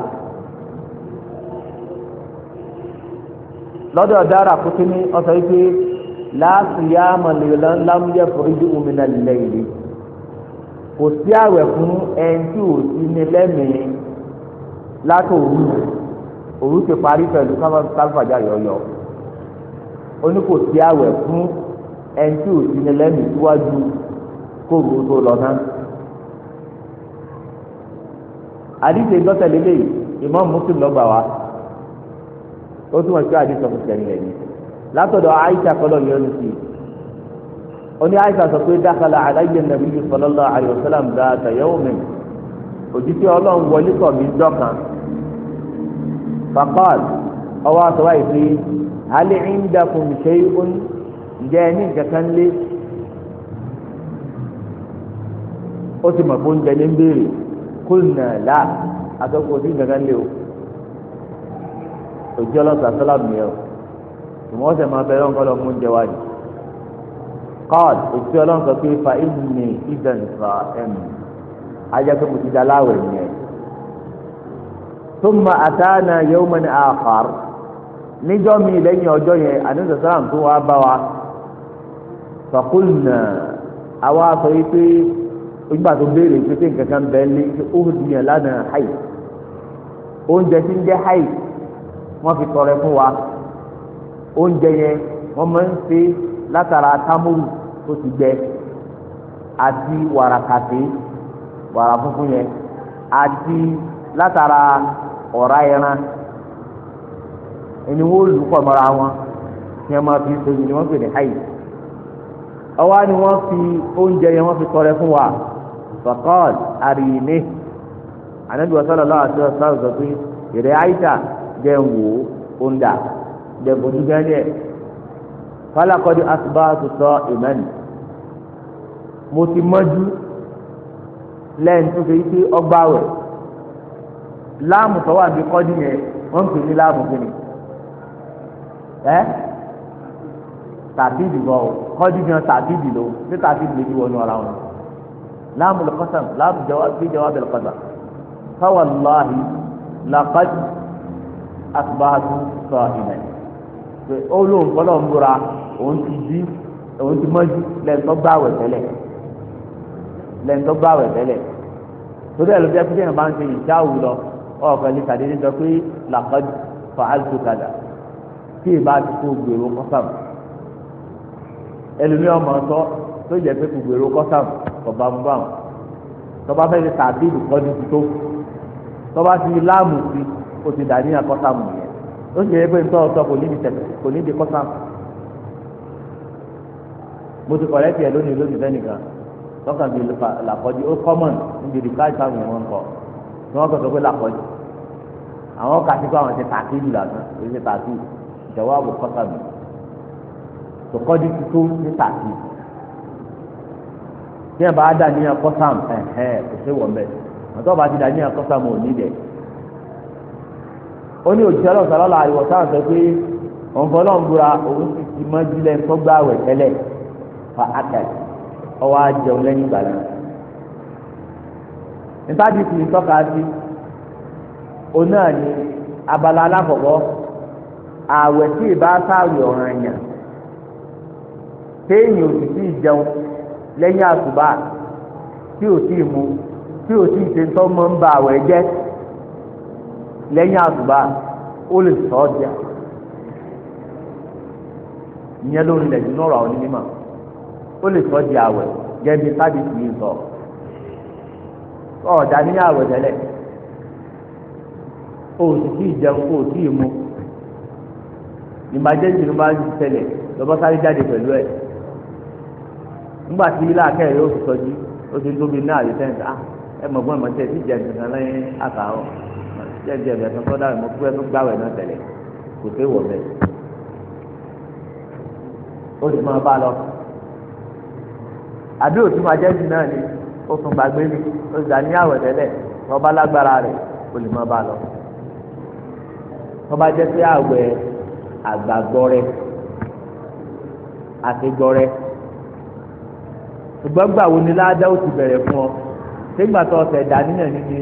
lọ́dọ̀ dára kúti ní ọ̀sẹ̀ yìí pé láàfin yá mọ̀lẹ́lẹ́ lámúyẹ́ foríjì òmìnira lílẹ̀ yìí kò sí àwẹ̀ fún ẹnjú òsì ní lẹ́mìí látò òru òru ti parí pẹ̀lú kálífàjàre ọ̀yọ́ ó ní kò sí àwẹ̀ fún ẹnjú òsì ní lẹ́mìí síwájú kó òru tó lọ tán. àdìsẹ́ ìgbọ́sẹ̀lẹ̀ lè Imam Muslim lọ́gbà wa ó túmọ̀ sí àdìsẹ́ ọ̀mùsùlùmí lẹ́yìn látọ̀dọ̀ Aisha kọ́lọ̀ yọ̀ọ́nù sí i oní àìsàn sọ pé dákàlà àdáyé nàbí yìí sọlọ́lá àyọ̀sálàm dáadáa yẹ́wò mi òjijì ọlọ́run wọlé kọ̀ mí dọ́kan fakọ́l ọwọ́ àtọwá yìí alẹ́ ń dàkùn ṣe é ń jẹ́ ní kankan lé ó sì mọ̀ fún jẹ ní ń béèrè kó nà lá akẹ́kọ̀ọ́ sí gangan lé o òjì ọlọ́sà sálàmù yẹn o ìmọ̀ ọ̀sẹ̀ máa bẹ̀rẹ̀ ọ̀nkọ́ lọ́mú oúnjẹ wa ni kọ́ọ̀d òjì ọlọ́sà pé fa ìmùnì ìdàn fa ẹ̀mù ajá pé mo ti da láwẹ̀ yẹn túmọ̀ àtàánà yóò mọ̀ ní níjọ́ mi lẹ́yìn ọjọ́ yẹn àdéhùn sàlámù tó wá bá wa fàkúlùnà àwa sọ yìí pé nígbà tó béèrè pé pé nǹkan kan bẹ́ẹ̀ lé pé ó di yàn lánàá háì oúnjẹ tí ń jẹ́ háì wọ́n fi tọrẹ fún wa oúnjẹ yẹn wọ́n máa ń ṣe látara támúrù tó ti gbẹ àti wàrà kàtí wàrà funfun yẹn àti látara ọ̀rá ẹran ẹni wọ́n lù pọ̀ mọ́ra wọn ní ẹ máa fi ṣe ni wọ́n pè ní háì ọwọ́ ni wọ́n fi oúnjẹ yẹn wọ́n fi tọrẹ fún wa faqal àrìnì ànábi wàsálà lọ́wọ́ àti ọ̀sán sọ pé ìrẹ́ àyíṣà jẹ́ ń wò ó ń dà jẹ́ bójú gẹ́gẹ́ falakọ́dé asubáàtú sọ ìmẹ́ni mo ti mọ́jú lẹ́yìn tó fi ṣe ọgbà wẹ̀ láàmù tó wà bí kọ́dí yẹn wọ́n ń pè ní láàmù kìnnì ẹ́ tàbí ìdìbò kọ́dí gan tàbí ìdìbò ní tàbí ìdìbò ti wọnú لام القسم لام جواب في جواب القدر فوالله لقد أصبحت صائما olóhùn kọlọ ń búra òun ti di òun ti mọ́jú lẹ́ńtọ́ gbàwẹ̀ tẹ́lẹ̀ lẹ́ńtọ́ gbàwẹ̀ tẹ́lẹ̀ torí ẹ̀ ló jẹ́ pé sẹ́yìn bá ń ṣe ìṣáwù lọ ọ̀kan lè ṣàdédé sọ pé làkọ́jú fàálùtò kadà tí ìbá ti kó gbèrò kọ́sàm ẹlòmíràn mọ̀ ọ́ sọ tó jẹ́ pé kò gbèrò kọ́sàm kọba mú báwọn tọba fẹẹ fi tàbílù kọjú ti tó tọba fi láàmù sí o ti dà níyàn kọsàmù yẹn ó sì yẹ pé nítorí ọ̀tọ̀ kò níbi tẹ̀sẹ̀ kò níbi kọsàmù mo ti kọ̀rẹ́ tiẹ̀ lónìí lónìí fẹ́nìkan tọ́kàn bíi làkọ́jú ó kọ́mọ̀n níbi rìkáì táwọn èèyàn ń kọ́ ni wọ́n sọ pé làkọ́jú àwọn kàtí kó àwọn ṣe tàkìlù lànà èyí ṣe tàkìlù ìjọba àbò kọ́sàmù tòkọ́jú tuntun ní tàkìlù tí ẹ bá dà ní akọ́sàm ẹ̀hẹ́ kò sí wọ̀ mẹ́ àtọ́ bá ti dà ní akọ́sàm òní dẹ̀. ó ní òjijì ọlọ́sàn lọ́la àríwọ̀ sáà sọ pé ọ̀nfọ̀ náà ń búra òun sì ti mọ́ jílẹ̀ tó gbá àwẹ̀ tẹ́lẹ̀ fa akẹ́ ọwọ́ ajẹun lẹ́yìn ìgbà náà. nítaàdì sì ń tọ́ka sí òun náà abala alákọ̀ọ́kọ́ àwẹ̀ tí ì bá sáàwì ọ̀ràn yàn téèyàn òsì ìjẹun lẹ́yìn àsùbà tí ò tí ì mu tí ò tí ì ṣe tọ́ mọ́ ń ba àwẹ̀ jẹ́ lẹ́yìn àsùbà ó lè sọ ọ́ díà ìyẹn ló ń lẹ̀ ọ̀rọ̀ àwọn onímọ̀ ó lè sọ di àwẹ̀ gẹ́gẹ́ sọ ní àwẹ̀ o ò sì o ò tí ì mu ń jáde nígbà tí ilé akẹ́ yóò fi sọ́jú ó ti tóbi ní àyè tẹ́ǹtì ah ẹ mọ̀ fún ẹ̀ mọ̀ tẹ́ ti jẹ nǹkan lẹ́yìn àkàrọ̀ jẹ́ jẹ́ ẹ̀bẹ̀ kan sọ́dá ẹ̀mọ́ fún ẹ tó náà tẹ̀lé kò sí wọ̀ bẹ́ẹ̀ ó sì máa bá lọ àbí òtú máa jẹ́ jù náà ni ó tún gbàgbé ni ó sì dání àwẹ̀ tẹ́lẹ̀ tọ́ba lágbára rẹ̀ ó lè máa bá lọ tọ́ba jẹ́ pé àwẹ̀ àgbàgbọ́ rẹ̀ àti gbọ́ rẹ̀ ṣùgbọ́n gbà wo ni ládá ó ti bẹ̀rẹ̀ fún ọ ṣégbà tó ọ̀sẹ̀ ìdá nínà níbi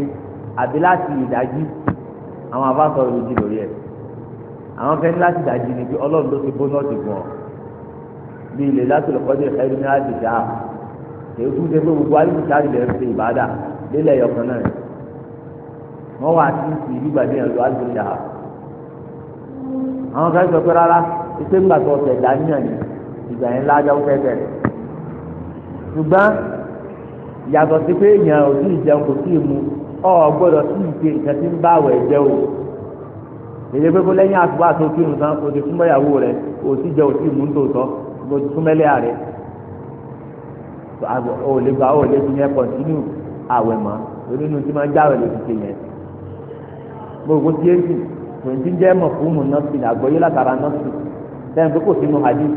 àbí láti ìdájí àwọn afáàkọ ìròjì lórí ẹ̀ àwọn kẹ́ni láti ìdájí ni bí ọlọ́run ló ti bónọ́ọ̀tì fún ọ bí ilẹ̀ láti lọ́kọ́ dé ẹ̀rí ní àdìsá èyí fún ṣe pé gbogbo alìsá ilẹ̀ ń ṣe ìbádà lélẹ̀ ẹ̀yọkan náà wọ́n wà sí ti ìdígbà ní ẹ̀rọ àdìsá àwọn kẹ́ni sọ pé rárá ìṣègbà tó ọ̀sẹ̀ ìdá nínà ni ìgbà yẹn ládá ó ṣùgbọ́n yàtọ̀ sí pé èèyàn ò tí ì jẹun kò tí ì mu ọ gbọ́dọ̀ tí ì ṣe nǹkan tí ń bá àwẹ̀ jẹ o èyí pé kó lẹ́yìn àtúbọ̀ àti òkìrùn tán o ti súnmọ́ ìyàwó rẹ o ti jẹ o ti mú tòótọ́ o ti súnmọ́ ẹlẹ́yà rẹ o lè gba o lè fi yẹn kọ̀ntínú àwẹ̀ mọ́ onínú tí máa ń jáwé lè fi ṣe yẹn gbogbo tí yéésì tòun ti jẹ́ mọ̀ fún mu nọ́ọ̀sì àgbọ̀yé látara nọ́ọ̀sì lẹ́yìn pé kò sínú hadith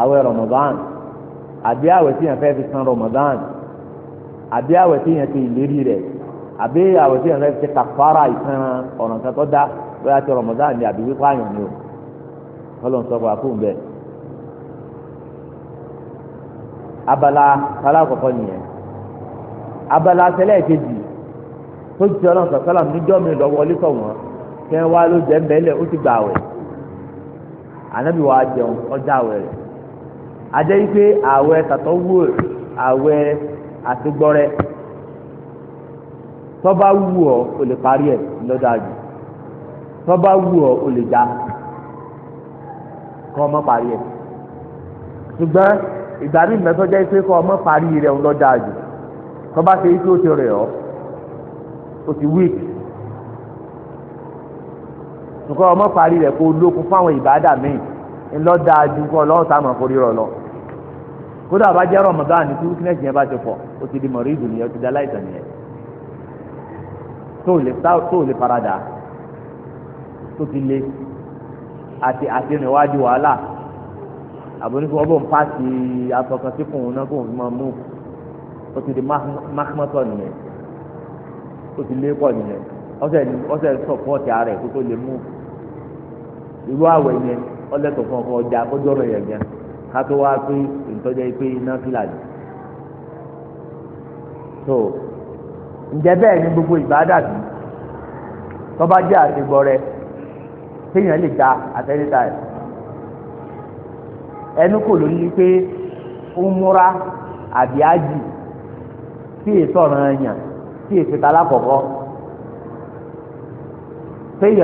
àwẹ̀ rọmọdán àbí àwẹ̀ tí yẹn fẹ́ fi san rọmọdán àbí àwẹ̀ tí yẹn a ìlérí rẹ̀ àbí àwẹ̀ tí yẹn fẹ́ fi kàfàrà ìsan ọ̀nà kan dá bóyá ti rọmọdán ni àbí wípé àyàn ni o ọlọ́run sọ wà fún bẹ́ẹ̀. abala alákọ̀ọ́kọ́ nìyẹn abala sẹlẹ̀ kejì tó ti níjọ́ mi lọ wọlé wọ́n kẹ́ wá ló jẹ́ mbẹ́lẹ̀ ajẹ́ wípé àwẹ̀ tàtọ́ wù àwẹ̀ àtigbọ́rẹ́ tọ́ba wù ọ́ o lè parí ẹ̀ lọ́dọ̀ àjù tọ́ba wù ọ́ o lè já kọ́ ọmọ parí ẹ̀ ṣùgbọ́n ìgbà mi mẹ́tọ́ jẹ́ pé kọ́ ọmọ parí rẹ̀ lọ́dọ̀ àjù tọ́ba ṣe ike ó ti o ti wíìkì ṣùgbọ́n ọmọ parí rẹ̀ kó lókun fáwọn ìbádà míì ńlọ́dọ̀ àjù kọ́ ọlọ́ọ̀ta mọ̀ kórìírọ̀ kódà bá jẹ́ rọmọdán ni kúrú kínẹ́sì yẹn bá ti pọ̀ ó ti di mọ̀rídù nìyẹn ó ti di aláìsàn nìyẹn tó lè tó tó ti le àti àti ìrìnwájú wàhálà àbóníkó ọbọ̀ ń pàṣẹ asọ̀kan sí kùn náà kò ń mọ̀ mú ó ti di mákmọ́tọ̀ nìyẹn ó ti lé pọ̀ nìyẹn ọ̀sẹ̀ ọ̀sẹ̀ sọ̀pọ̀tì ara ẹ̀ kó tó lè mú irú àwẹ̀ yẹn ọlẹ́tọ̀ fún ọkọ̀ ọjà kó jọ̀rọ̀ yẹn gan kátó wá pé ìtọ́jẹ́ pé iná fìlàjì so ǹjẹ́ bẹ́ẹ̀ ni gbogbo ìbádàbí tọ́ba jẹ́ àṣegbọ́rẹ́ téèyàn lè da àtẹ́lẹ́ta ẹ̀ ẹnu kò ló ní pé ó múra àbí ájì tí èso ọ̀ràn ẹ̀yàn tí èso ta lákọ̀ọ́kọ́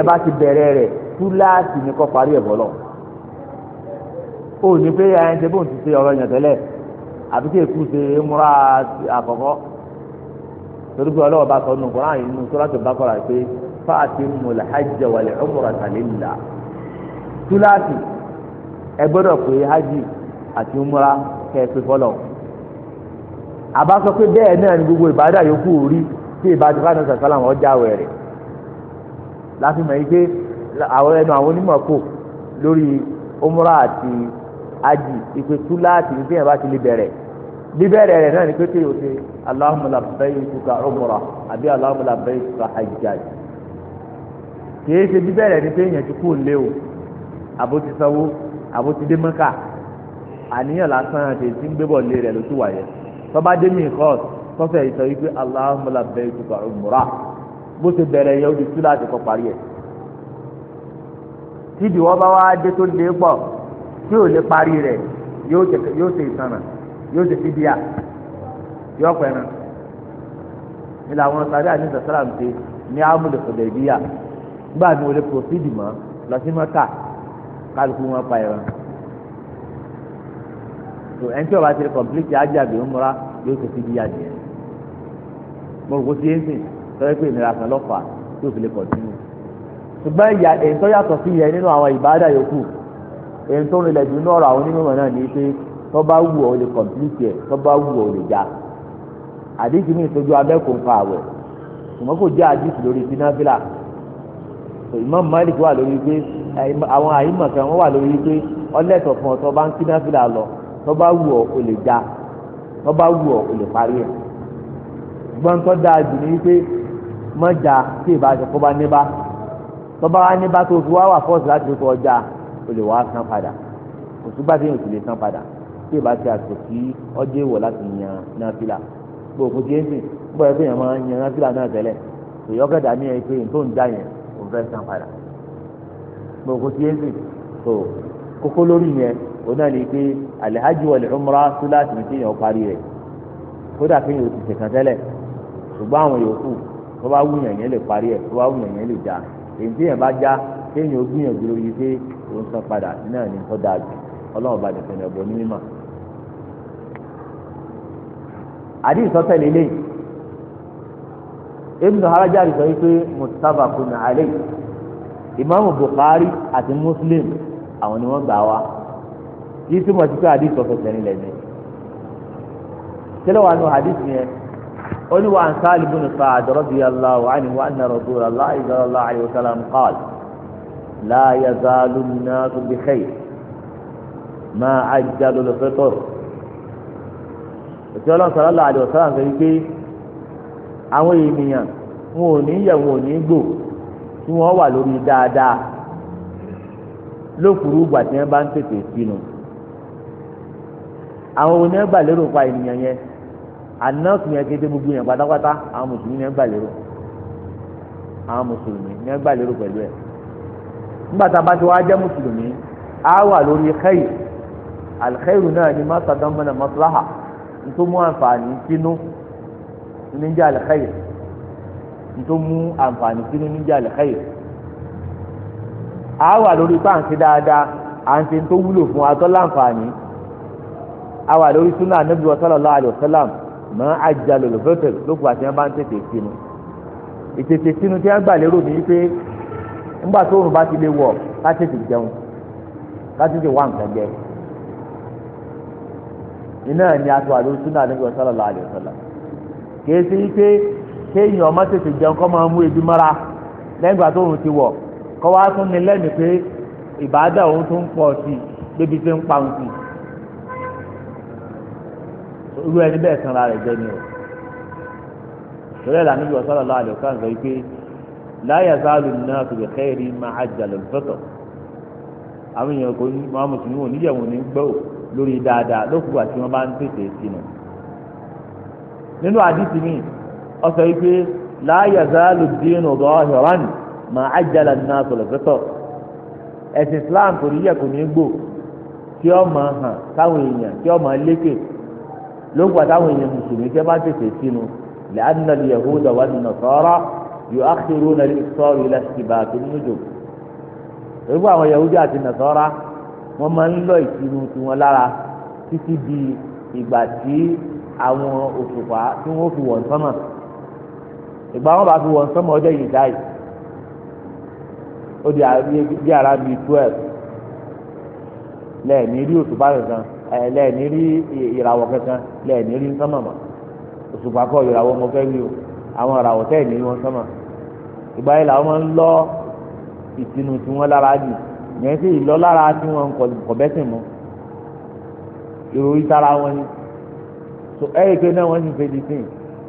bá ti bẹ̀rẹ̀ rẹ̀ túláàsì ní kó parí ẹ̀ bọ́lọ̀. o ní pé ẹ ṣe bóun ti ṣe a yàn tẹ́lẹ̀ àbí tí èkú ṣe múra àkọ́kọ́ torí pé ọlọ́wọ́ bá sọ nù kúrán yìí nù suratul Baqara pé fáàtì mùlẹ̀ hajj wàlẹ̀ umrata lillah túláàsì ẹ gbọ́dọ̀ pé hajj àti múra kẹ́ ẹ pé fọlọ́ àbá sọ pé bẹ́ẹ̀ náà ni gbogbo ìbádà yòókù rí tí ìbádà bá nàṣà sálàmù ọjà wẹ̀rẹ̀ láti mọ̀ yìí pé àwọn ẹnu àwọn onímọ̀ kò lórí àti àjì ìpè túláàtì ní sèyàn bá ti lè bẹ̀rẹ̀ bíbẹ̀rẹ̀ rẹ̀ náà ni pé kí o ṣe Allahumma labbayka umrah àbí Allahumma labbayka hajjaj kìí ṣe bíbẹ̀rẹ̀ ni pé èèyàn ti kú lé o àbó ti sanwó àbó ti dé mọ́kà àníyàn lásán àti ètí ń gbébọ̀ lé rẹ̀ ló ti wà yẹn tọ́ba dé mi kọ́ọ̀t tọ́fẹ̀ ìsọ yìí pé Allahumma labbayka umrah bó ṣe bẹ̀rẹ̀ yẹn ó di túláàtì kọ́ parí ẹ̀ tíbi wọn bá wá dé tó lé pọ̀ tí ò lè parí rẹ̀ yóò ṣe ìtanràn yóò ṣe fídíà yóò pẹ̀ràn ilà àwọn sáré àti sàsàràm ṣe ní amúlẹ̀ kọ̀dọ̀ ìbíyà gbà ní olè pòsídì mọ́ lọ sí mọ́tà kálukú wọn pa ẹ̀rọ tó ẹni tí ọba ti rí kọ̀mpilíìtì ajáde ń múra yóò ṣe fídíà jẹ mo rò kó sí ẹ̀ńsì tọ́jú pé ìnira kan lọ́fà tó fi lè kọ̀tínú ṣùgbọ́n ìyá ẹ̀ńtọ́ yàtọ̀ sí yẹn nínú àwọn ìbáradà yòókù èyí tó rìnlẹ̀ jù náà ra àwọn onímọ̀ náà ní pé tó bá wù ọ́ lè kọ̀m̀pìlìtì ẹ̀ tó bá wù ọ́ lè já àdìsí mi ìtọ́jú abẹ́kùn fa àwẹ̀ ṣùgbọ́n kò jẹ́ àdìsí lórí sináfílà Imam Malik wà lórí pé àwọn àyímọ̀ kan wọ́n wà lórí pé ọlẹ́tọ̀ fún ọ tó bá ń sináfílà lọ tó bá wù ọ́ o lè já tó wù ọ́ o lè parí ẹ̀ ṣùgbọ́n tó dáa jù ní pé mọ́jà tí ìbáṣepọ̀ bá níbá tó bá wá níbá tó fi wá wà fọ́ọ̀sì o lè wàá san padà kò sí bàtí yóò sì lè san padà tí ìbá ti àsìkò tí ọjọ́ èèwọ̀ láti yan náfìlà gbogbo tí èsì gbogbo ẹgbẹ́ yẹn máa yan náfìlà náà tẹ́lẹ̀ èyí ọ̀gẹ̀dà ní ẹ̀ pé nǹkan ń dá yẹn kò fẹ́ san padà gbogbo tí èsì tó kókó lórí yẹn o náà ní pé alhaji wal umra tó láti ní kéèyàn parí rẹ̀ kódà kéèyàn ò ti ṣèkàn tẹ́lẹ̀ ṣùgbọ́n àwọn yòókù tó bá wù yẹn lè parí kéèyàn ó gbìyànjú lórí pé òun san padà náà ní tó dáa jù ọlọ́run bá nìkan ẹ̀bọ ní mímọ́. àdí ìsọtẹ́lẹ̀ lé Ibn Hajar sọ wípé muttafaqun alayhi ìmáàmù Bukhari àti Muslim àwọn ni wọ́n gbà wá yìí túmọ̀ sí pé àdí ìsọtẹ́lẹ̀ nílẹ̀ ni kílọ̀ wà nù àdìsí yẹn ó ní wà ń sáàlì bùnú sáà radiyallahu anhu wa anna rasulallahi sallallahu alayhi wa sallam qala. لا يزال الناس بخير ما عجل الفطر òtí ọlọ́run sọ̀rọ̀ lọ àdìọ̀ sọ́ra sọ wípé àwọn ènìyàn wọn ò ní yẹ̀ wọn ò ní gbò tí wọ́n wà lórí dáadáa lókùrú ìgbà tí wọ́n bá ń tètè sínú àwọn òní ẹ̀ gbà lérò pa ènìyàn yẹn ànọ́ọ̀sì yẹn kété gbogbo yẹn pátápátá àwọn mùsùlùmí yẹn gbà lérò àwọn mùsùlùmí yẹn gbà lérò pẹ̀lú ẹ̀ nígbàtà bá ti wá jẹ́ mùsùlùmí á wà lórí khayr alkhayru náà ni masa dánmọ́nà maslaha nítorí mú àǹfààní sínú níjà alkhayr nítorí mú àǹfààní sínú níjà alkhayr á wà lórí pàǹsí dáadáa à ń ṣe tó wúlò fún atọ́ láǹfààní á wà lórí súnà anábì sallallahu alaihi wasallam mọ́ àjálù lọ́fẹ́tẹ̀ lókùn àti wọn bá ń tètè sínú ìtètè sínú tí wọ́n gbà lérò ní pé nígbà tó òrùn bá ti lè wọ̀ ká tètè jẹun ká tètè wá nǹkan jẹ iná ni aṣọ àlọ́ súnà níbi ọ̀sán ọ̀la àlẹ́ ọ̀sán kìí ṣe ike kéèyàn ọmọ tètè jẹun kọ́ máa mú ebi mọ́ra lẹ́yìn ìgbà tó òrùn ti wọ̀ kọ́ wá tún ní lẹ́nu pé ìbádà òun tún pọ̀ sí i débi tí ń pa òun sí i irú ẹni bẹ́ẹ̀ sanra rẹ̀ jẹ́ ni o torí ẹ̀ lànà ìgbà ọ̀sán ọ̀la àlẹ́ ọ̀sán sọ la yazalu an-nasu bi khairin ma ajjala al-fitr àwọn èèyàn kò ní máa mùsùlùmí wọn níyàwó ní gbọ́ lórí dáadáa lókùgbà tí wọ́n bá ń tètè sínú. nínú àdìsí mi ó sọ wípé la yazalu ad-dinu zahiran ma ajjala an-nasu al-fitr ẹ̀sìn Islam kò níyà kò ní gbò tí ó máa hàn táwọn èèyàn tí ó máa lékè lókùgbà táwọn èèyàn mùsùlùmí tẹ́ bá tètè sínú li'anna al-yahuda wan-nasara yu'akhiruna al-iftar ila istibati an-nujum irú àwọn yahudi àti nasara wọ́n máa ń lọ ìsinú tiwọn lára títí di ìgbà tí àwọn òṣùpá tí wọ́n fi wọ̀n sánmà ìgbà wọ́n bá fi wọ̀n sánmà ọjọ́ yìí dáì ó di bí ara bíi twelve lẹ́ẹ̀ni rí òṣùpá kankan lẹ́ẹ̀ni rí ìràwọ̀ kankan lẹ́ẹ̀ni rí sánmà òṣùpá kọ́ ìràwọ̀ mọ́ fẹ́ rí o àwọn ìràwọ̀ tẹ́ẹ̀ni rí wọn sánmà ìgbà yìí làwọn máa ń lọ ìtinú tí wọ́n lára jù yẹn sì lọ lára tí wọ́n ń kọ̀ bẹ́sìn mọ́ ìròyìn tara wọn ni so ẹ̀yìn pé náà wọ́n sì fèjì sí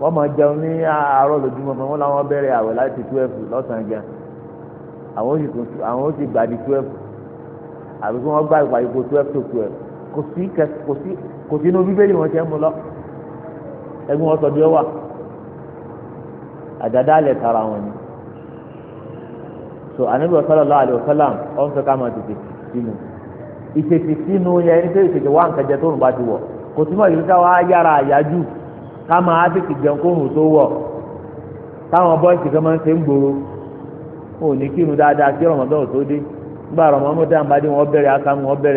wọ́n máa jẹun ní àárọ̀ lójúmọ́ fún wọn làwọn bẹ̀rẹ̀ àwẹ̀ láti twelve lọ́sàn-án jẹun àwọn ó sì àwọn ó sì gbà di twelve àbí kí wọ́n gbà ìgbà ìgbò twelve to twelve kò sí kò sí kò sí inú bíbélì wọn ṣe ń lọ ẹgbẹ́ wọn sọ bí ó wà àdáda lẹ̀ tara wọn ni. so anabi sallallahu alaihi wasallam ọ̀n sọ ká máa tètè sínú ìtètè sínú yẹn ní sẹ́yìn tètè ti wọ̀ kò túmọ̀ yìí ká wá yára àyájú ká máa tètè tó wọ̀ táwọn bọ́ìsì kan máa ń ṣe ń gbòòrò ò ní kírun dáadáa kí Ramadan tó dé nígbà Ramadan dáhùn bá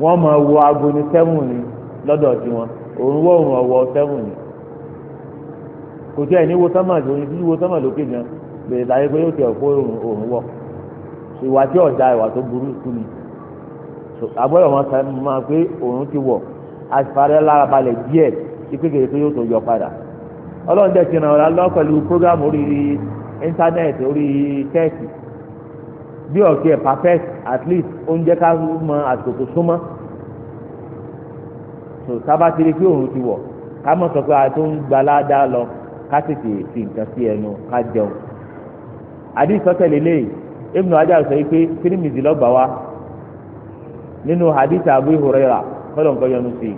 wọ́n ma wo lọ́dọ̀ bèrè láyé pé yóò tẹ̀ kó òun wọ̀ ìwà tí ọ̀dà ìwà tó burú kú ni àbọ̀dọ̀ wọn sáré máa pé òun ti wọ̀ àtìfarẹ́ lára balẹ̀ díẹ̀ tí kékeré pé yóò tó yọ padà ọlọ́run dẹ̀ ti ràn ọ́ lọ́wọ́ pẹ̀lú program orí íńtánẹ́ẹ̀tì orí tẹ́ẹ̀tì bí ọ̀kí ẹ̀ perfect at least oúnjẹ ká mọ àsìkò tó súnmọ́ tó sábà ti rí pé òun ti wọ̀ ká mọ̀ sọ pé àti òun gbalá dá lọ ká tètè fi nǹkan sí ẹnu ká jẹun àdìs sọ́tẹ̀lẹ̀ lẹ́yìn Ibn Hajar sọ yìí pé Tirmidhi lọ́gbà wa nínú àdìs Abu Hurairah kọ́lọ̀ nǹkan yọnu sí i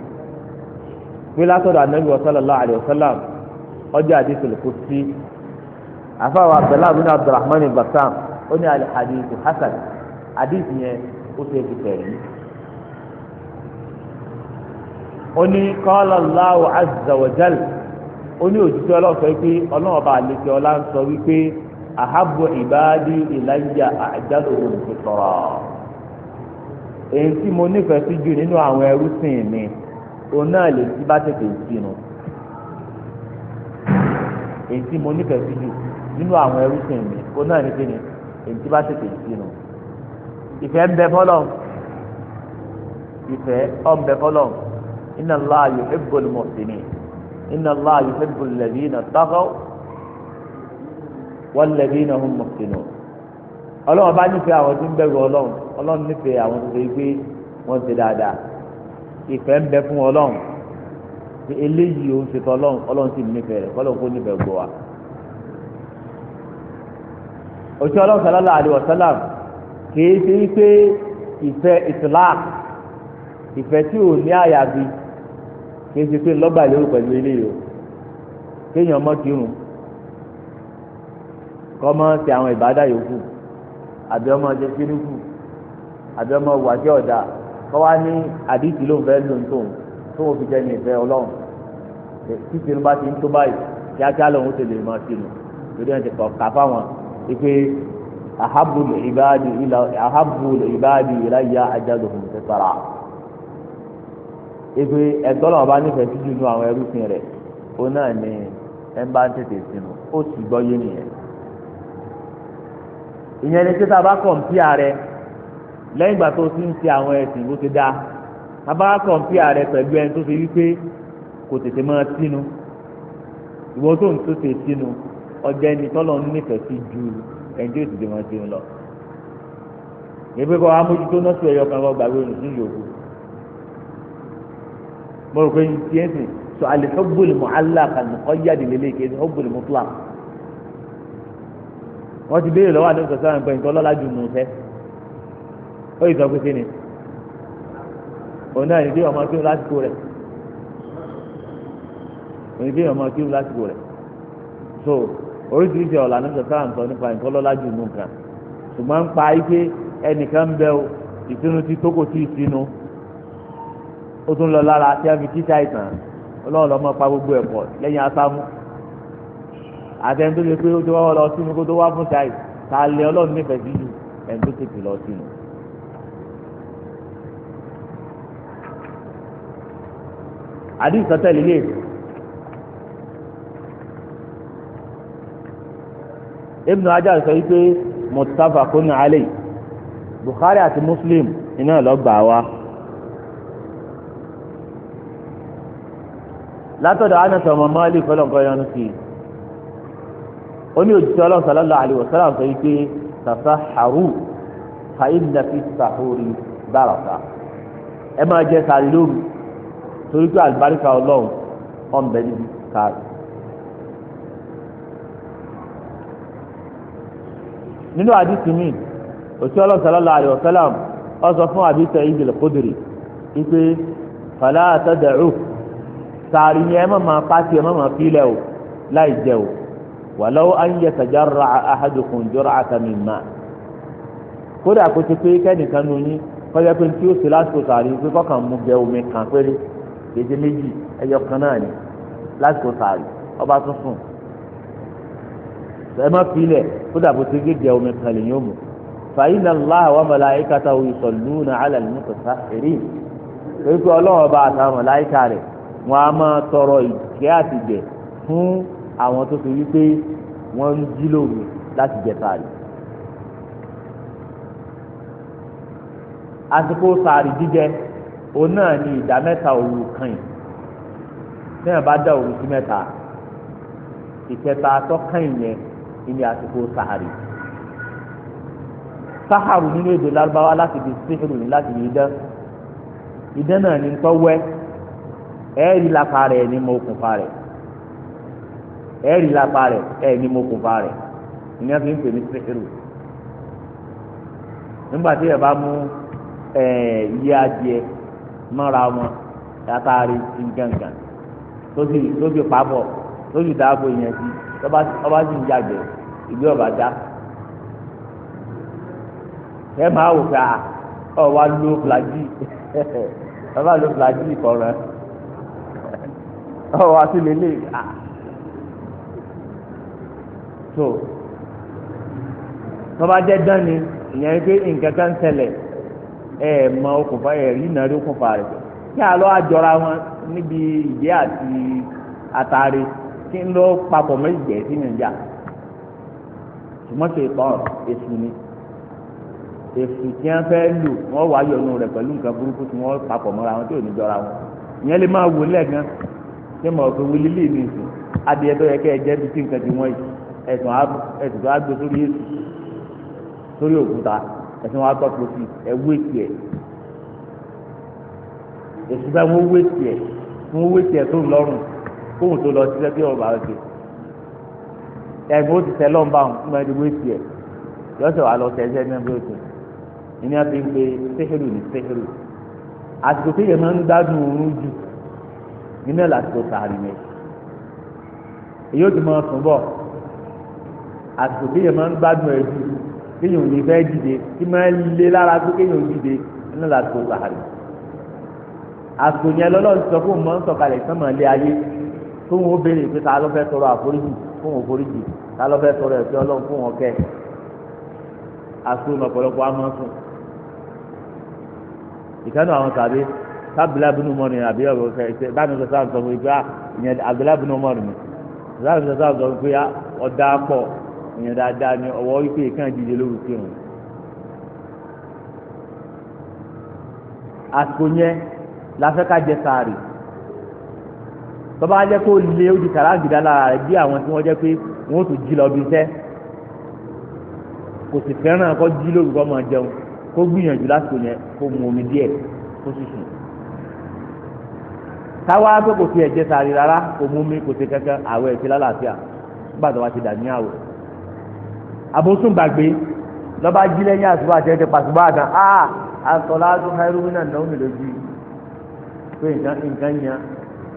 pé látọ̀dọ̀ anabi sallallahu alayhi wa sallam ọjọ́ àdìs al-Qudsi àfàwọ̀ abdullahi bin abdulrahman ibasam ó ní al-hadith hasan àdìs yẹn ó ṣe é ti tẹ̀ yìí. oni kọ́lá Allahu azza wa jal oni òjijì ọlọ́sọ àlejò ọlá ń sọ wípé ahabu ibadi ilayya ajaluhum fitra èyí tí mo nífẹ̀ẹ́ sí jù nínú àwọn ẹrú sìn mi òun náà lè ti bá tètè sínú èyí tí mo nífẹ̀ẹ́ sí jù nínú àwọn ẹrú sìn mi òun náà ní kíni èyí tí bá tètè sínú ìfẹ́ ń bẹ fọlọ́ ìfẹ́ ọ̀ ń bẹ fọlọ́ inna Allah yuhibbul muhsinin inna Allah yuhibbul ladina taghaw walladhina hum muhsinun ọlọ́run bá nífẹ̀ẹ́ àwọn tí ń bẹ̀rù ọlọ́run ọlọ́run nífẹ̀ẹ́ àwọn tó ṣe gbé wọn ṣe dáadáa ìfẹ́ ń bẹ fún ọlọ́run pé eléyìí ò ń ṣe tọ́lọ́run ọlọ́run sì nífẹ̀ẹ́ rẹ̀ kọ́lọ́run kó nífẹ̀ẹ́ gbọ́ wa. òṣìṣẹ́ ọlọ́run sallallahu alaihi wasallam kìí ṣe pé ìfẹ́ ìtìláàk ìfẹ́ tí ò ní àyàbí kìí ṣe pé lọ́gbà pẹ̀lú eléyìí o kéèyàn mọ́ kírun kọ́ mọ́ ṣe àwọn ìbádà yòókù àbí ọmọ ṣe sírúkù àbí ọmọ wàṣẹ ọ̀dà kọ́ wá ní àdìsí ló ń fẹ́ lò ń tòun tó wọ́n fi jẹ́ ní ìfẹ́ ọlọ́run títí ló bá ti ń tó báyìí kíákíá lòun ti lè máa sínú lórí ẹ̀ ti kọ̀ ká fáwọn ipe ahabul ibadi ila ahabul ibadi ilayya ajaluhum sara ipe ẹ̀tọ́ lọ́wọ́ bá nífẹ̀ẹ́ sí jù nínú àwọn ẹrúfin rẹ̀ ó náà ní ẹ̀ ń bá tètè sínú ó sì gbọ́ yé nìyẹn ìyẹn ni títa bá kọ̀m̀pìà rẹ lẹ́yìn ìgbà tó ti ń ṣe àwọn ẹ̀sìn bó ti dáa tá bá kọ̀m̀pìà rẹ pẹ̀lú ẹni tó ṣe wípé kò tètè máa tínú ìwọ tó ń tó ṣe tínú ọjà ẹni tọ́lọ̀ ń nífẹ̀ẹ́ sí ju ẹni tó tètè máa tínú lọ. ìgbé kọ́ amójútó náà sọ ẹ̀yọ kan lọ gbàgbé ònà sí yòókù mo rò pé ní tiẹ̀ sìn sọ al-hubbul mu'allaq al-muqayyad lélẹ́kẹ̀ẹ́ al wọ́n ti béèrè lọ́wọ́ àdéhùn sọ̀tàn pé nǹkan ọlọ́lá ju mùsẹ́ ó yìí sọ pé sí ni òun náà ní bí ọmọ kí ó lásìkò rẹ̀ òun bí ọmọ kí ó lásìkò rẹ̀ so oríṣiríṣi ọ̀la ní sọ̀tàn sọ nípa nǹkan ọlọ́lá ju mù kan ṣùgbọ́n ń pa ike ẹnìkan ń bẹ o ìtinú ti tó kò tí ì sinú ó tún lọ lára tí a fi kíkà ìtàn ọlọ́run lọ́mọ pa gbogbo ẹ̀kọ́ lẹ́yìn asámú àtẹni tó ṣe pé ó ti wá lọ sínú kó tó wá fún ṣáì ta lé ọlọ́run nífẹ̀ẹ́ sí ju ẹni tó tètè lọ sínú. àdìs sọtẹ́lì lè. Ibn Hajar sọ wípé muttafaqun alayhi Bukhari àti Muslim iná lọ gbà wá. látọ̀dọ̀ Anas ọmọ fọlọ́nkọ́ yọnu sí i ó ní òjijì ọlọ́run sallallahu alaihi wasallam sọ wípé tasahharu fa inna fi sahuri baraka ẹ máa jẹ sàrí lóru torí pé àlùbáríkà ọlọ́run ọ̀nbẹ níbi sàrí. nínú àdìsí mi òtí ọlọ́run sallallahu alaihi wasallam ó sọ fún Abi Sa'id al-Khudri wípé fala tad'u sàrí yẹn ẹ má máa pàṣẹ ẹ má máa fi o láì jẹ o wàlọ́wọ́ ayíyẹsẹ̀ jọ́ra ahadùkùn jọ́ra àtàmìmá kódà kó ti pé kẹ́nìkan nu yín kọ́jà pé tí ó sì lásìkò sàárì pé kọ́kàn mú bẹ omi kan péré kéde méjì ẹyọ kan náà ni lásìkò sàárì ọba tuntun ẹ má filẹ̀ kódà kó ti gé omi kan lè yín mú fàyín náà láhà wà màláyíkàtà òyìnbó alẹ́ ní kòtà èrè pé kí ọlọ́wọ́ bá àtàwọn màláyíkà rẹ̀ wọ́n á máa tọrọ ìkẹ́ àtìgbẹ̀ fún àwọn tó fi wípé wọ́n ń jí lóru láti jẹ sààrì. àsìkò sààrì jíjẹ òun náà ni ìdá mẹ́ta òru kan yìí tẹ́yìn bá dá òru sí mẹ́ta ìkẹta tọ́kàn yẹn ìní àsìkò sààrì saharu nínú èdè lárúbáwá láti di sihiru ní láti di idán idán náà ní tọ́wẹ́ ẹ̀ẹ́rì lápá rẹ̀ mo mọ okùnfà rẹ̀ ẹ rí lápá rẹ ẹ ní mo kò fa rẹ ìní a fi ń pè ní sẹkẹrù nígbà tí ẹ bá mú ẹ yí adìẹ mọ́ra wọn látàrí nǹkankan tó sì tó sì pàbọ̀ tó sì dáàbò yẹn sí ọba sì ń jàgbẹ́ ìgbé ọba dá ẹ máa wò ká ọ wá lo flagy ọ [LAUGHS] bá lo kọ̀ọ̀rọ̀ [LAUGHS] ọ wá sí lélẹ̀ so tọ́ba jẹ́ dán ni ìyẹn ni pé nǹkan kan ṣẹlẹ̀ ẹ mọ okùnfà ẹ rí ìnáwó okùnfà rẹ̀ kí àlọ́ àjọra wọn níbi ìjẹ́ àti àtàrí kí ń lọ papọ̀ méjì jẹ́ sí nàìjíríà ṣùgbọ́n ṣe ìtọ́ èsù ni èsù tí wọ́n fẹ́ lò wọ́n wá yọnu rẹ̀ pẹ̀lú nǹkan burúkú tí wọ́n papọ̀ mọ́ra wọn tí ò ní jọra wọn ìyẹn lè máa wò lẹ́ẹ̀kan ṣé mo fi wílílì mi sùn adìẹ tó yẹ kẹ́ ẹ jẹ́ bí tí nǹkan ti wọ́n yìí ẹ̀sùn ẹ̀sùn tó agbè sórí èsù sórí òkúta ẹ̀sùn wọn atọ́ pọ̀sí ẹ̀wú ètì ẹ̀ èsù bá wọn wú ètì ẹ̀ wọn wú ètì ẹ̀ tó lọ́rùn kóhùn tó lọ sílẹ̀ bí ọ̀rọ̀ bàbá ṣe ẹ̀gbọ́n ti tẹ̀ lọ́nba ọ̀hún fún ẹni wú ètì ẹ̀ yọ̀ọ́sẹ̀ wà lọ tẹ̀sẹ̀ ní ẹgbẹ́ òsè ìní àti pé sẹ́hẹ̀rù ní sẹ́hẹ̀rù àsìkò tó yẹ máa ń gbádùn oorun jù nínú ẹ̀ lásìkò tààrí mẹ́ èyí ó ti máa sùn bọ̀ àsìkò kéèyàn máa ń gbádùn ẹ̀ jù kéèyàn ò ní fẹ́ dìde kí máa ń lé lára tó kéèyàn ò dìde nínú làásìkò sàárì àsìkò yẹn lọ́lọ́run sọ fún mọ́ ń sọ̀kalẹ̀ sọ́mọ ilé ayé tó wọn ó béèrè pé ta ló fẹ́ tọrọ àforíjì fún wọn àforíjì ta ló fẹ́ tọrọ ẹ̀fẹ́ ọlọ́run fún wọn kẹ́ àsìkò ọ̀pọ̀lọpọ̀ á máa sùn ìkànnì àwọn tàbí tábìlà bínú mọ́rin àbí ọ̀rọ̀ fẹ́ báyìí ló sọ fún mi pé ah, ìyẹn àbílà bínú mọ́rin mi láti sọ sáà sọ pé ah, ọ̀dà ìyẹn dáadáa ni ọwọ́ wípé kàn dìde lóru kírun àsìkò yẹn la fẹ́ ká jẹ sààrì tọ́ba jẹ́ kó lé ojú kàràgìdá lára rẹ̀ bí àwọn tí wọ́n jẹ́ pé wọ́n tún jí lọ bí iṣẹ́ kò sì fẹ́ràn kó jí lóru kó máa jẹun kó gbìyànjú lásìkò yẹn kó mu omi díẹ̀ kó sì táwa pé kò fi ẹ̀jẹ̀ sààrì rárá kò mu omi kò sí kankan àwẹ̀ ìṣẹ́lá làáfíà nígbà tó ti dà ní àwẹ̀ àbótún gbàgbé lọ́ba jí lẹ́yìn àsùbá àti ẹ̀jẹ̀ pàṣípà àtàn á àtọ̀lá tó hẹ́rúwìn náà náà mélòó bí pé nǹkan yẹn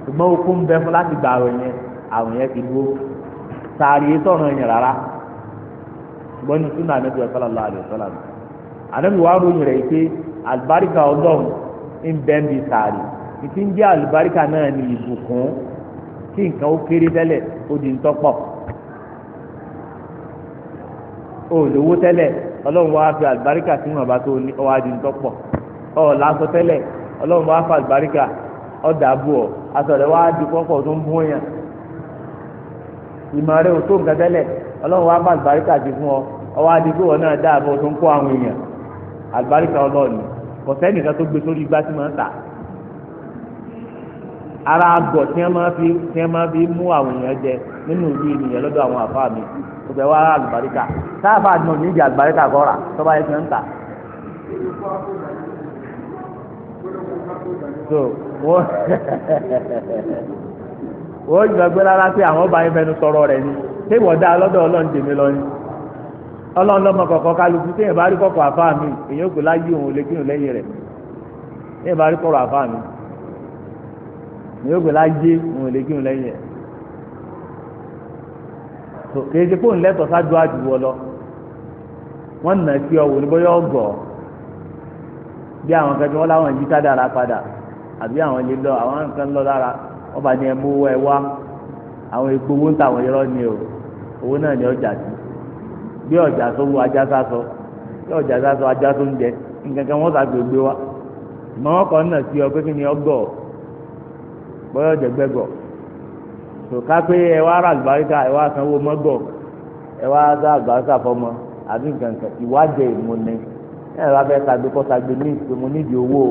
ṣùgbọ́n okun ń bẹ fún láti gba àwẹ̀ yẹn àwẹ̀ yẹn ti dúró sàárì yìí tọ̀ràn yẹn rárá ṣùgbọ́n ní súnà ànábì sallallahu alaihi wasallam ànábì wàá ròyìn rẹ̀ pé àlùbáríkà ọlọ́run ń bẹ bi sàárì ìtí ń jẹ́ àlùbáríkà náà ní ìbùkún tí nǹkan ó kéré tẹ́lẹ̀ ó di ń tọ́pọ̀ olówó tẹ́lẹ̀ ọlọ́run wá fi àlùbáríkà sínú ọba tó ní tẹ́lẹ̀ ọlọ́run wá fi àlùbáríkà ọ̀dà ọ̀ aṣọ wá di pọ́pọ̀ tó ń bú yàn ò tó nǹkan tẹ́lẹ̀ ọlọ́run wá fi àlùbáríkà fún ọ ọwọ́ adi pé náà tó ń kó àwọn èèyàn àlùbáríkà ọlọ́ọ̀ni kò sẹ́nìkan tó gbé sórí igbá tí ara àgọ̀ tí wọ́n máa fi mú àwọn èèyàn jẹ nínú ìlú ènìyàn ọbẹ̀ wa àlùbáríkà sáfà àti mọ̀tò níbi àlùbáríkà kọ́ra tọ́ba yẹn ti ń ta. so wọ́n [LAUGHS] wọ́n yìí gbàgbé rárá pé àwọn ọba yẹn fẹnu sọ̀rọ̀ rẹ̀ ni ṣé ìwọ̀dà ọlọ́dọ̀ ọlọ́run tèmi lọ ni ọlọ́run lọ́mọ kọ̀ọ̀kan kálukú téèyàn bá rí kọ̀ọ̀kan àfa mi èyàn kò láyé òun lè kírun lẹ́yìn rẹ̀ téèyàn bá rí kọ̀ọ̀kan àfa mi èyàn kò láyé òun lè kírun lẹ́yìn rẹ̀. kèé ṣe fóònù lẹ́tọ̀ọ́ sáájú lọ wọ́n nà sí ọ wò ní bóyá ọgọ̀ bí àwọn kan tí wọ́n láwọn yí sádàrà padà àbí àwọn lè lọ àwọn kan lọ lára wọ́n bá ní ẹ owó ń ta àwọn ni o owó náà ni ọjà sí bí ọjà wọ ajá sá sọ bí ọjà sá sọ ajá ń jẹ nǹkan kan wọ́n wa wọn ọ pé kí ni ọjà tó ká pé ẹ wá ra àlùbáríkà ẹ wá sanwó mọ́gọ̀ ẹ wá dá àlùbáríkà fọmọ àbí nǹkan ìwádìí ìmú ni ẹ bá fẹ́ tagbe kọ́ tagbe ní ìpè mo nídìí owó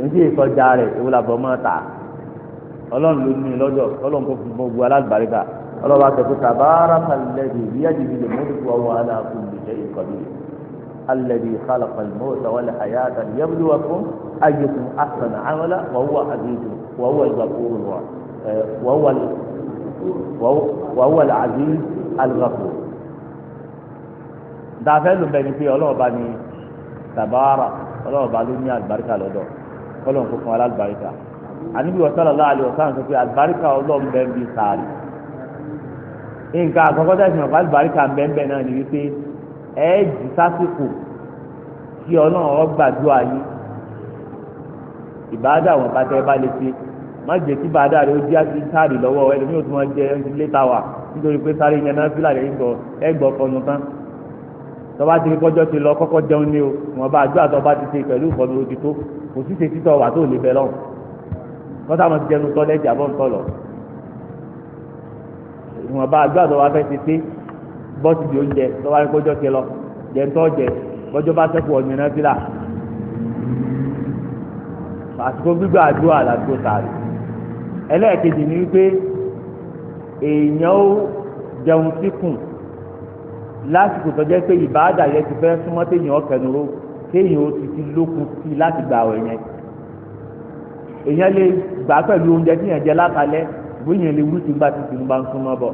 èyí ìsọjà rẹ̀ èwo làbọ̀ mọ́ ta ọlọ́run ló ní lọ́jọ́ ọlọ́run kò fún gbogbo alágbàríkà ọlọ́run akẹ́kọ̀ọ́ tàbára kàlẹ́dì bí ẹ̀jẹ̀ ìdílé mọ́tòkù ọwọ́ aláàfin ìṣe ìkọ̀lù alẹ́dì kálọ̀kọ̀lùmọ́ ìtawálẹ̀ àyàtà yẹ́bùlúwà fún ayẹ̀kùn àtànà àmọ́lá wọ́wọ́ àdéhùn wọ́wọ́ ìgbà kúrò wọ́n. وهو وهو العزيز الغفور dàfẹ́ ló bẹ ni pé ọlọ́run bá ní tàbára ọlọ́run bá ló ní àlùbáríkà lọ́dọ̀ ọlọ́run kò fún alábàríkà àníbi sallallahu alaihi wasallam sọ pé àlùbáríkà ọlọ́run bẹ́ẹ̀ bí sàárì nǹkan àkọ́kọ́ tẹ̀sí ọ̀pá àlùbáríkà bẹ́ẹ̀ náà ni wípé ẹ̀ẹ́dì sásìkò kí ọlọ́run ó gbàdúrà yín ìbáàdà wọn bá tẹ́ bá lè ṣe má jẹ́ kí bàdá rẹ̀ ó jẹ́ àti sáàrì lọ́wọ́ ẹlòmíì ò tún wọn jẹ ilé ta wà nítorí pé sáré yẹn náà fílà rẹ̀ gbọ́ ẹ gbọ́ kọnu tán tọ́ba ti kọjọ́ ti lọ kọ́kọ́ jẹun ní o wọn bá àdúrà tọ́ba ti ṣe pẹ̀lú ìkọnu odi tó kò sí ṣe títọ́ wà tó lè bẹ lọ́hùn tọ́ta wọn ti jẹnu tọ́lẹ́jì àbọ̀ ń tọ̀lọ̀ wọn bá àdúrà tọ́ba fẹ́ ti ṣe bọ́ọ̀sì di oúnjẹ tọ́ba ti kọjọ́ ti lọ jẹ́ntọ́ jẹ kọjọ́ bá sẹ́kù ọ̀gbìn náà fílà àsìkò gbígbà àdúrà làdúrà sáré ẹlẹ́ẹ̀kejì ni wípé èèyàn ó jẹun síkùn lásìkò tó jẹ́ pé ìbáàdà yẹn ti fẹ́ súnmọ́ téèyàn ọ̀kẹ́nuró téèyàn ó ti ti lókun sí i láti gbà ọ̀ yẹn èèyàn lè gbà pẹ̀lú oúnjẹ téèyàn jẹ látalẹ́ bóyá lè wúlò tí n bá ti tìǹbù bá ń súnmọ́ bọ̀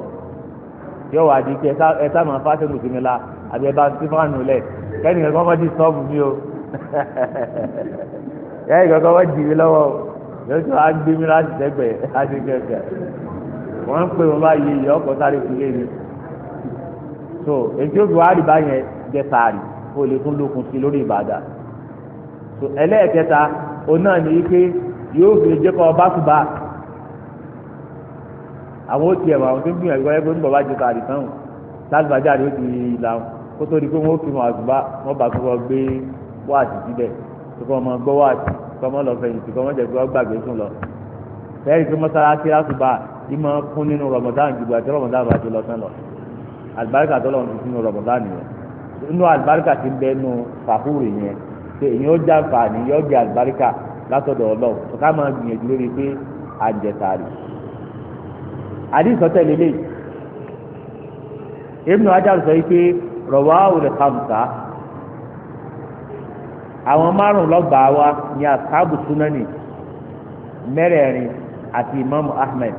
yóò wá di kí ẹ sá máa fásitì mùsùlùmí la àbí ẹ bá ń sífọ́ àánú lẹ̀ kẹ́nìkan kọ́ mọ́ di sọ́ọ̀bù mi o [LAUGHS] kẹ́nìkan kọ́ mọ́ di mi lọ́wọ́ o lọ́sọ̀ á gbé mi láti sẹ́gbẹ̀ adékẹ́kẹ́ wọ́n ń pè wọ́n bá yẹ ìyá ọkọ̀ sáré fi lé mi so èyí tó wàá rí báyẹn jẹ sáré o lè tún lókun sí lórí ìbàdàn so ẹlẹ́ẹ̀kẹta òun náà ní pé yóò fi jẹ́ kọ́ ọba kú bá àwọn ó tiẹ̀ wọ́n àwọn tó ń gbìyànjú wáyé pé oníbàbá jẹ sáré tán lálùbájá rẹ̀ ó ti làwọn kó tó di pé wọ́n ó fi mọ̀ àtúbá wọ́n bá tó lọ gbé wáàtì síbẹ̀ tó kọ́ ọmọ gbọ́ wáàtì kọ́mọ́ lọ fẹ̀yìntì kọ́mọ́ jẹ́ pé wọ́n gbàgbé sùn lọ. sẹ́yìn pé mọ́sálásí àtúbà ìmọ̀ fún nínú rọ̀mọ̀dán ju àti rọ̀mọ̀dán bá ti lọ sán lọ. àlùbáríkà tó lọ́n ti sínú rọ̀mọ̀dán nìyẹn. inú àlùbáríkà ti bẹ́ nu fàhúrì yẹn pé èyí ó já fà ní yọ jẹ àlùbáríkà látọ̀dọ̀ ọlọ́run ká máa gbìyànjú lórí pé àjẹsàrì. àdìsọ́tẹ̀ lélẹ̀ Ibn Hajar sọ yìí pé rọ̀wá òrè kàmùsà àwọn márùn lọ́gbàá wa ní asáàbù súnánì mẹ́rẹ̀ẹ̀rin àti imaamu ahmed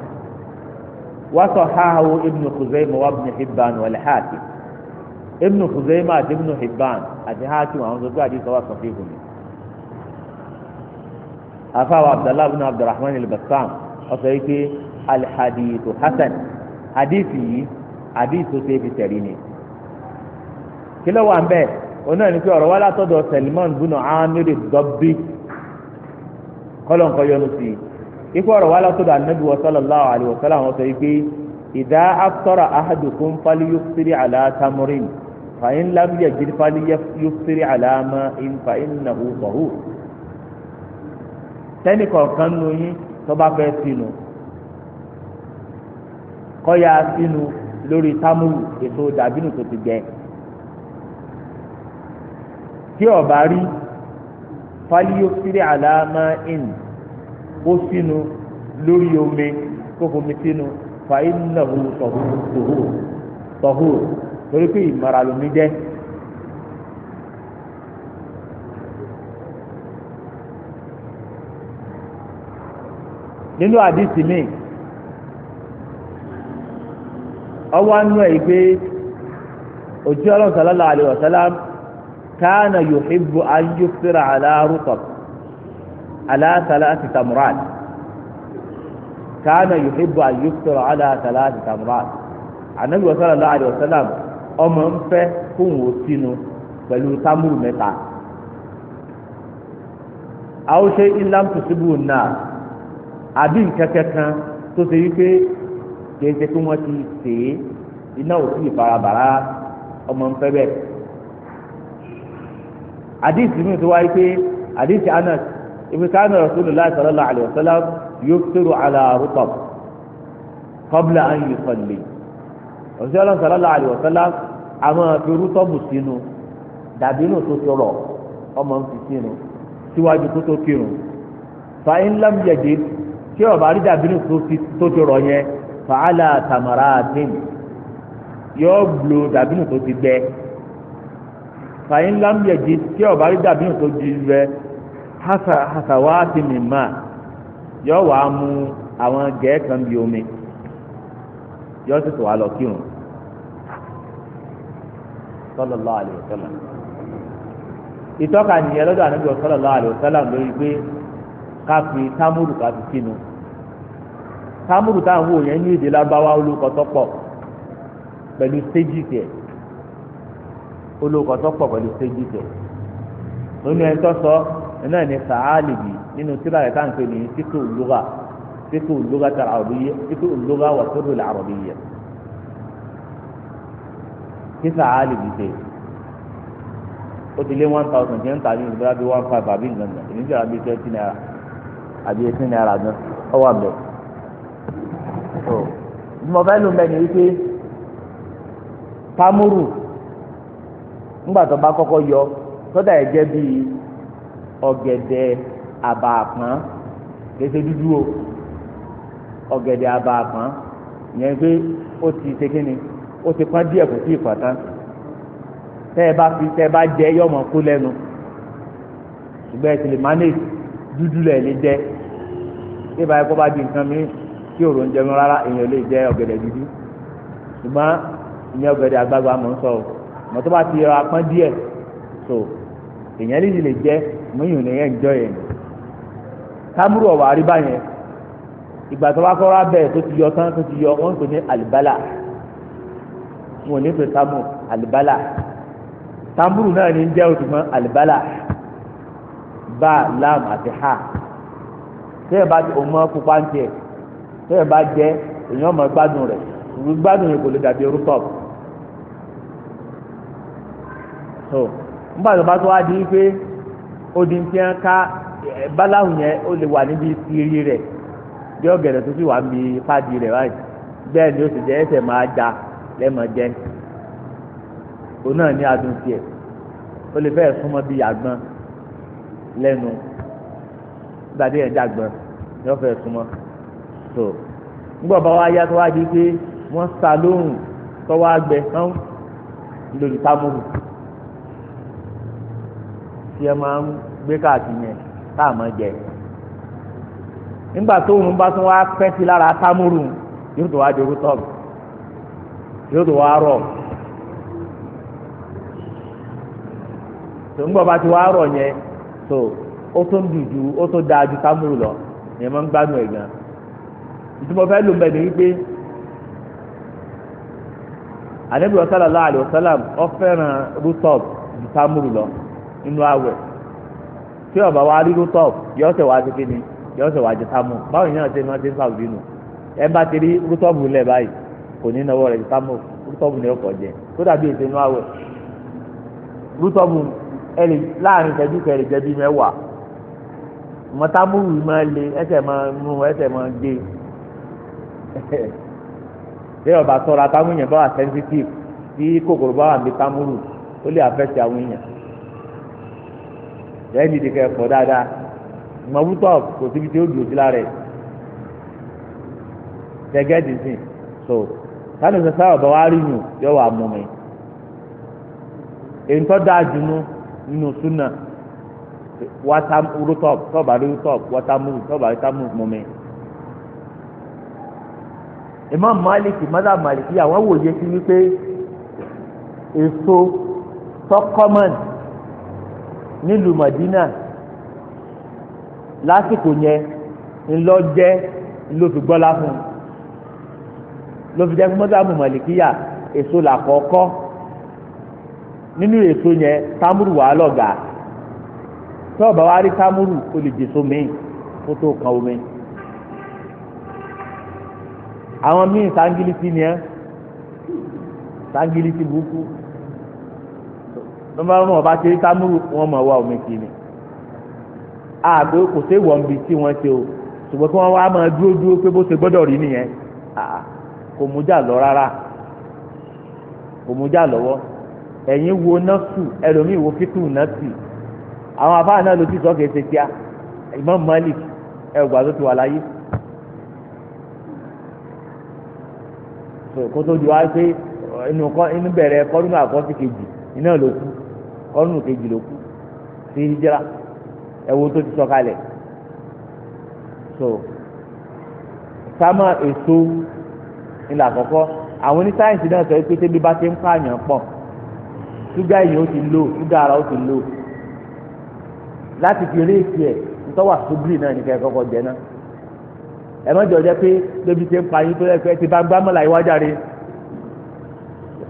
wàsó haahu ibnu kuzeyma wa ibnu hibban wàlẹ̀ haati ibnu kuzeyma àti ibnu hibban àti haati àwọn tó gbé àdìsọ wa sọfí kùnú. afaawa abdullahi ibnu abdulrahman al-bassam ọ̀sọ̀ yìí pé alhadithu hasan hadithi yìí hadithi tó ṣe fi tẹ̀rí ni kí ló wà ń bẹ́ẹ̀ onáà ní pé ọ̀rọ̀ wá látọ̀dọ̀ Salman bunu amiri dọ́bí kọ́lọ́nkọ́ yọnu sí i ikú ọ̀rọ̀ wá látọ̀dọ̀ anabi wa sallallahu alayhi wa sallam wọ́n sọ yìí pé ìdá aftara ahadukum fali yufsiri ala tamurin fàyín lábíyà jírí fali yufsiri ala ma'in fàyín nàhú sọ̀hú. sẹ́ni kọ̀ọ̀kan nù yín tó fẹ́ sínú kọ́ sínú lórí támúrù ètò dàbínú tó ti gbẹ. tí bá rí fálíyó àlàámá in ó sínú lórí omi kó fomi sínú fàyín náà tọ̀húrù tọ̀húrù torí pé ìmọ̀ra lomi jẹ́. nínú àdìsí mi ọwọ́ anú ẹ̀ gbé kana yuhibbu an yusira ala rutab ala salati tamrat kana yuhibbu an yusira ala salati tamrat anabi wa sallallahu alayhi wa sallam ọmọ ń fẹ́ fún wo sínú pẹ̀lú tamuru mẹ́ta àwòṣe ilam tusibu náà àbí nkẹkẹ kan tó ṣe wípé kéńté tí wọ́n ti sè é iná ò sí ìfarabàrá ọmọ ń fẹ́ bẹ́ẹ̀ àdìsí mi tó wáyé pé àdìsí anas ibùsànà rasulullah sallallahu alayhi wa sallam yuftiru ala rutab qabla an yusalli rasulullah sallallahu alayhi wa sallam àwọn afẹ́rú tọ́bù sínú dàbí inú tó sọ̀rọ̀ ọmọ ń fi sínú síwájú kó tó kírun fa in lam yajid tí rí dàbí inú tó sọ̀rọ̀ yẹn fa ala tamaratin yóò gblo dàbí inú tó ti gbẹ fàyín lámìyẹ̀jì tí ọ̀bá rí dàbí òtó di rẹ hasawa ti mi mà yọ wàá mu àwọn gẹ̀ẹ́ kan bí omi yọ sì tó wà lọ kírun sallallahu alaihi wasallam ìtọ́ka nìyẹn lọ́dọ̀ ànábìyọ sallallahu alaihi wasallam lórí pé ká fi támúrù ká fi kínu támúrù táwọn wò yẹn ní èdè lábáwá olùkọ́ tọ́pọ̀ pẹ̀lú stéjì tiẹ̀ olóòkọ tó pọ̀ pẹ̀lú stéjì tẹ̀ onú ẹni tó sọ náà ní sàálìbì nínú tírà rẹ̀ táǹkì ní síkú lugha síkú lugha tàrà àròbíyẹ síkú lugha wà sódò là àròbíyẹ kí sàálìbì tẹ̀ ó ti lé one thousand ten tàbí ìgbéra bíi one five àbí nǹkan nǹkan èmi bíi twenty naira àbí eighteen naira gan ọ wà bẹ́ẹ̀ mo fẹ́ lu mẹ́ni wípé tamuru ńgbà tó bá kọ́kọ́ yọ sọ́dà ẹ̀ jẹ́ bíi ọ̀gẹ̀dẹ̀ àbààpọ́n kéṣe dúdú o ọ̀gẹ̀dẹ̀ àbààpọ́n yẹn pé ó ti ṣe kí ni ó ti pọ́n díẹ̀ kò tí ì pọ̀ tán tẹ́ ẹ bá fi tẹ́ ẹ bá jẹ yọ̀mọ̀ kú lẹ́nu ṣùgbọ́n ẹ ti lè manage dúdú lẹ̀ lè jẹ tí ìbáyé kó bá di nǹkan mi tí òòrùn ń jẹun rárá èèyàn lè jẹ ọ̀gẹ̀dẹ̀ dúdú ṣùgbọ́n ìyẹn ọ̀gẹ̀dẹ̀ àgbàgbà mọ̀ ń sọ̀rọ̀ mọ tó bá ti rọ apọ́n díẹ̀ so èèyàn lè lè jẹ́ mọ́yìn ní yẹn jọ yẹn tábúrò ọ̀wà àríbá yẹn ìgbà tó bá kọ́ ra bẹ́ẹ̀ tó ti yọ tán tó ti yọ wọ́n ń pè ní àlìbálà wọn ò ní pè támù àlìbálà tábúrò náà ní jẹ́ òtùmọ̀ àlìbálà bá láàmù àti ha tẹ́ẹ̀ bá ọmọ pupa ń tiẹ̀ tẹ́ẹ̀ bá jẹ́ èèyàn ọmọ gbádùn rẹ̀ gbádùn rẹ̀ kò lè dàbí orúkọ. tó nígbà tó bá tó wá di pé odi ti ń ká báláwù yẹn ó lè wà níbi ìrì rẹ̀ bí ọ̀gẹ̀dẹ̀ tó sì wà níbi pàdé rẹ̀ báyìí bẹ́ẹ̀ ni ó sì jẹ́ ẹsẹ̀ máa ja lẹ́mọ̀ jẹ́ òun náà ní adùn tiẹ̀ ó lè fẹ́ẹ̀ súnmọ́ bíi àgbọn lẹ́nu gbàdé yẹn dàgbọn ni wọ́n fẹ́ẹ̀ súnmọ́ tó nígbà bá wá yá tó wá di pé wọ́n sa lóhùn tó wá gbẹ lórí támúrù. tí ẹ máa ń gbé káàkiri yẹn a jẹ nígbà tó òun bá tún wá pẹ́ sí lára támúrù yóò tó wá dorú tọ́ọ̀bù yóò tó wá rọ̀ tó ń gbọ́ bá ti wá rọ̀ yẹn tó ó tó ń ó tó dáa ju támúrù lọ yẹn máa ń gbádùn ẹ̀ gan ìtumọ̀ fẹ́ ń bẹ̀ ní wípé sallallahu fẹ́ràn ju támúrù lọ. nínú àwẹ̀ tí ọba wa rí rútọp yóò ṣe wá sí kíni yóò ṣe wá jẹ sámù báwo ni náà ṣe máa ṣe ń sàwùdí nù ẹ bá ti rí rútọpù lẹ báyìí kò ní náwó rẹ sámù rútọpù ni ọkọ jẹ tó dàbí ètò inú àwẹ̀ rútọpù ẹlẹ láàrin ìṣẹ́jú kẹrì jẹbi mẹ́wàá mọtàmúrù máa le ẹsẹ̀ máa mú ẹsẹ̀ máa gbé [LAUGHS] bí ọba sọra táwọn èèyàn bá wà sensitive tí kòkòrò bá wà ní támúrù ó lè affect àwọn èèyàn lẹ́yìn ìdí kẹ́ fọ́ dáadáa mọ̀bútọ̀ kò síbi tí ó dùn sí lára ẹ̀ tẹ́gẹ́dì sí so sani sasa ọba wa rí yùn yọ wà mú mi èyí tó dáa jù nù nínú súnà wata rútọ̀p tọ́ba rútọ̀p wata múlù tọ́ba wata múlù mú mi. Imam Malik mada Malik yà wọ́n wòye sí wípé èso tọkọ́mọ̀nì nílùú Madina lásìkò yẹn ńlọ jẹ́ ló fi gbọ́lá fún un ló fi jẹ́ pé mọ́tàmù mọ̀lìkíyà èso làkọ́kọ́ nínú èso yẹn támúrù wà lọ́gà tí ọba wa rí támúrù o lè jèso mi kó tó kan omi àwọn míì sangilisi ni sangilisi burúkú tó bá wọn bá ṣe támúrù wọn mọ̀ wá omi kì í ni àgbẹ̀ kò sí ìwọ̀n bíi tí wọ́n ṣe o ṣùgbọ́n kí wọ́n wá máa dúró dúró pé bó ṣe gbọ́dọ̀ rí nìyẹn kò mú jà lọ rárá kò mú jà lọ́wọ́ ẹ̀yin wo nọ́ọ̀sù ẹlòmíì wo fíkù nọ́ọ̀sù àwọn afáà náà ló ti sọ kìí ṣe tíá Imam Malik ẹ̀gbà tó ti wà láyé kó tó di wá pé inú bẹ̀rẹ̀ kọ́dún àkọ́sí kejì iná ló kú ọdún kejì ló kú sí hijira ẹ̀wò tó ti sọ̀kalẹ̀ so sámà èso ńlá àkọ́kọ́ àwọn oní sáyẹ̀nsì náà sọ pé tẹ́bí bá ti ń pààyàn pọ̀ ṣúgà èèyàn ó ti lò ṣúgà ara ó ti lò láti fi eré ìsì ẹ̀ ntọ́wà ṣubúrì náà ní kẹ́kẹ́ kọ́kọ́ jẹ náà ẹ má jọ jẹ́ pé tẹ́bí ti ń pààyàn tó lẹ́fẹ̀ẹ́ ti bá gbámọ́lá iwájà rẹ̀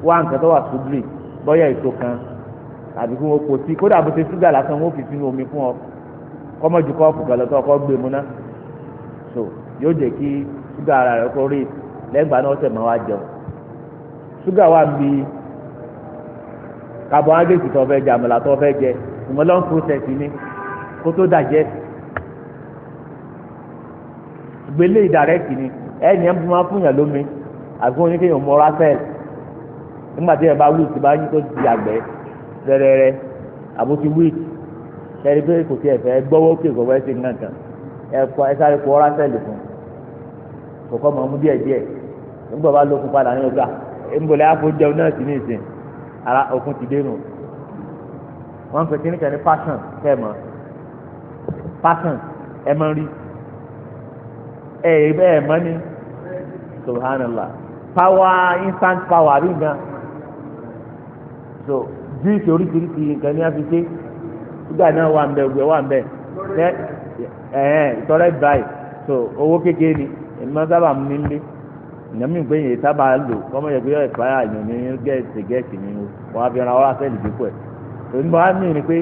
wá nǹkan tó ṣubúrì bọ́yá èso kan àbí kí wọ́n kó sí kódà bó ṣe ṣúgà lásán wọ́n fi sínú omi fún ọ kọ́mọ́jú kọ́ọ̀pù kan lọ́tọ́ ọkọ́ gbé e mu ná so yóò jẹ́ kí ṣúgà ara rẹ̀ kó rí lẹ́gbà náà ọ̀sẹ̀ máa wá jẹun ṣúgà wà ń bi carbohydrate tó fẹ́ jẹ àmàlà tó fẹ́ jẹ ìmọ̀ long process ni kó tó dàjẹ́ gbélé ìdàrẹ́kì ni ẹ̀ẹ́nì ẹ̀ ń bí wọ́n fún yàn lómi àgbọn oníkéyàn mọ́ra sẹ́ẹ̀lì nígbà tí ẹ bá wíìt bá yín tó di àgbẹ̀ rẹ́rẹ́rẹ́ àbó ti wíìt ẹni pé kò tiẹ̀ fẹ́ gbọ́wọ́ kí èkó wẹ́ẹ́ ṣe nǹkan kan ẹ kọ ẹ sáré kọ rántẹ́lì fún kò kọ́ mọ̀ ọmú díẹ̀ díẹ̀ nígbà bá lókun padà ní ọgbà ńbọ̀lẹ́ àfọ̀jẹun náà sì ní ìsìn ara òkun ti dé nù wọ́n ń pè kíní kan ní passion kẹ́ ẹ̀ mọ́ passion ẹ̀ mọ́ rí ẹ̀ ẹ̀ mọ́ ní subhanallah power instant power rí gan-an so jíìsì oríṣiríṣi nǹkan ní àfiṣe ṣúgà náà wà ń bẹ ògbẹ wà ń bẹ ẹ ìtọ́rẹ́ báyìí so owó kékeré ni èmi máa sábà mú mi ń lé ìyàmú ìgbé yẹn sábà lò kọ́mọ yẹ pé ẹ̀fà àyàn ní gẹ̀ẹ́sì gẹ̀ẹ́sì ni wọ́n á fi ran ọlá sẹ́ẹ̀lì dípò ẹ̀ òní bá mí ni pé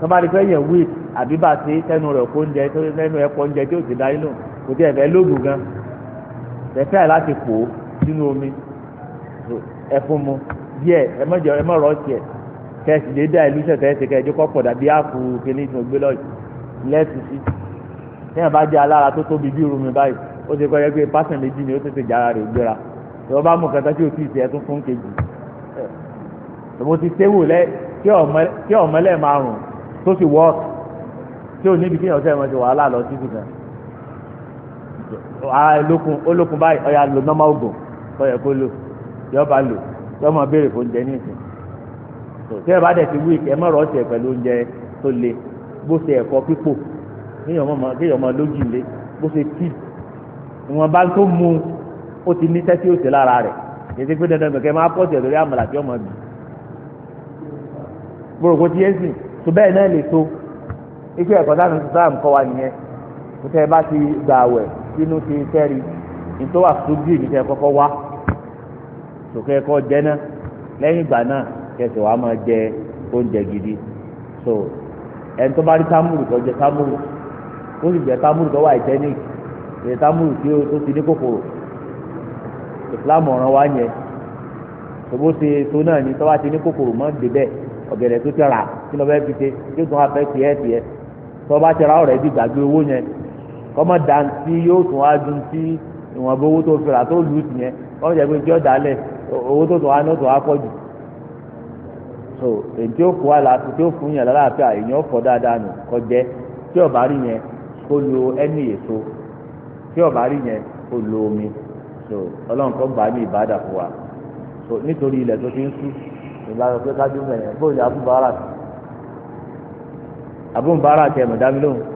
tọ́mọdé fẹ́ yẹn wí àbí bá ṣe tẹnu rẹ̀ kó oúnjẹ tó tẹnu ẹ̀ kọ́ oúnjẹ tí ò sì dá inú kò tí ẹ̀ fẹ́ lóògùn gan tẹ̀fẹ́ láti pò ó sínú omi ẹ̀fún mu díẹ̀ ẹ má jẹ ẹ má rọ tiẹ̀ kẹsì lè dá ìlú sẹ̀tẹ̀ ẹsẹ̀ kẹjọ kọ́ pọ̀ dàbí àpò kele ní ògbé lọ́ọ̀jì lẹ́sì sí ní àbá jẹ́ alára tó tóbi bí irun mi báyìí ó ti kọ́ yẹ pé pásẹ̀ méjì ni ó tètè jára rẹ̀ gbéra ìwọ bá mú kẹta tí o ti ṣe ẹtún fún kejì mo ti séwò lẹ kí ọmọlẹ márùn tó ti wọ tí o níbi kíyàn sẹ́yìn wọn ti wàhálà lọ títí kan olókun báyìí ọ̀yà lò nọ́mà ògùn tó yẹ kó lò yọba lò lọ́mọ béèrè fún oúnjẹ ní ìsìn tẹ́ ẹ bá dẹ̀ ti wí ẹ má rọ̀ ọ̀sẹ̀ pẹ̀lú oúnjẹ tó le bó ṣe ẹ̀kọ́ pípò kéèyàn ọmọ lójì lé bó ṣe tí ìwọ̀n bá tó mu ó ti ní sẹ́tí òsè lára rẹ̀ ètò ìpínlẹ̀ dandan kẹ́kẹ́ máa pọ̀ tẹ̀lórí àmàlà tí ọmọ bì gbòròkó tí yẹn sìn tó bẹ́ẹ̀ náà lè tó ikú ẹ̀kọ́ sáà tuntun sáà ń kọ́ wa nìyẹn kó tẹ́ ẹ bá ti gbà wẹ̀ sínú ti tẹ́rì ní tó wà fún bíi ìgbésẹ̀ kọ́kọ́ wá sòkè ẹkọ jẹ náà lẹ́yìn ìgbà náà kẹsì wàá máa jẹ oúnjẹ gidi so ẹni tó bá rí támúrù tó jẹ támúrù ó sì jẹ támúrù tó wà ìtẹ́nìk jẹ támúrù tí ó ti ní kòkòrò ìsìlámù ọ̀ràn wa yẹn tòbó ṣe tó náà ni tó bá ti ní kòkòrò mọ́ dé bẹ́ẹ̀ ọ̀gẹ̀dẹ̀ tó ti rà kí ló fẹ́ fi ṣe yóò tún wá fẹ́ tiẹ̀ tiẹ̀ tó bá ti ra ọ̀rẹ́ bí gbàgbé owó yẹn kọ́mọ dantí yóò tún wá dun sí ìwọ̀nba owó tó fi rà tó lù ú tìyẹn kọ́mọ jẹ́ pé kí ọ̀ dálẹ̀ owó tó tó wá ní ó so èyí tí ó kó àlàáfíà tí ó fún yàn lálàáfíà èyí ó fọ́ dáadáa nù kọjẹ́ tí rí yẹn kó lo ẹni èso tí rí yẹn lo omi so ọlọ́run kan gbà ní so nítorí ilẹ̀ tó ti ń sú ìlànà pé kájú mẹ́yẹn bóyá abúbárà abúbárà tẹ̀ mọ̀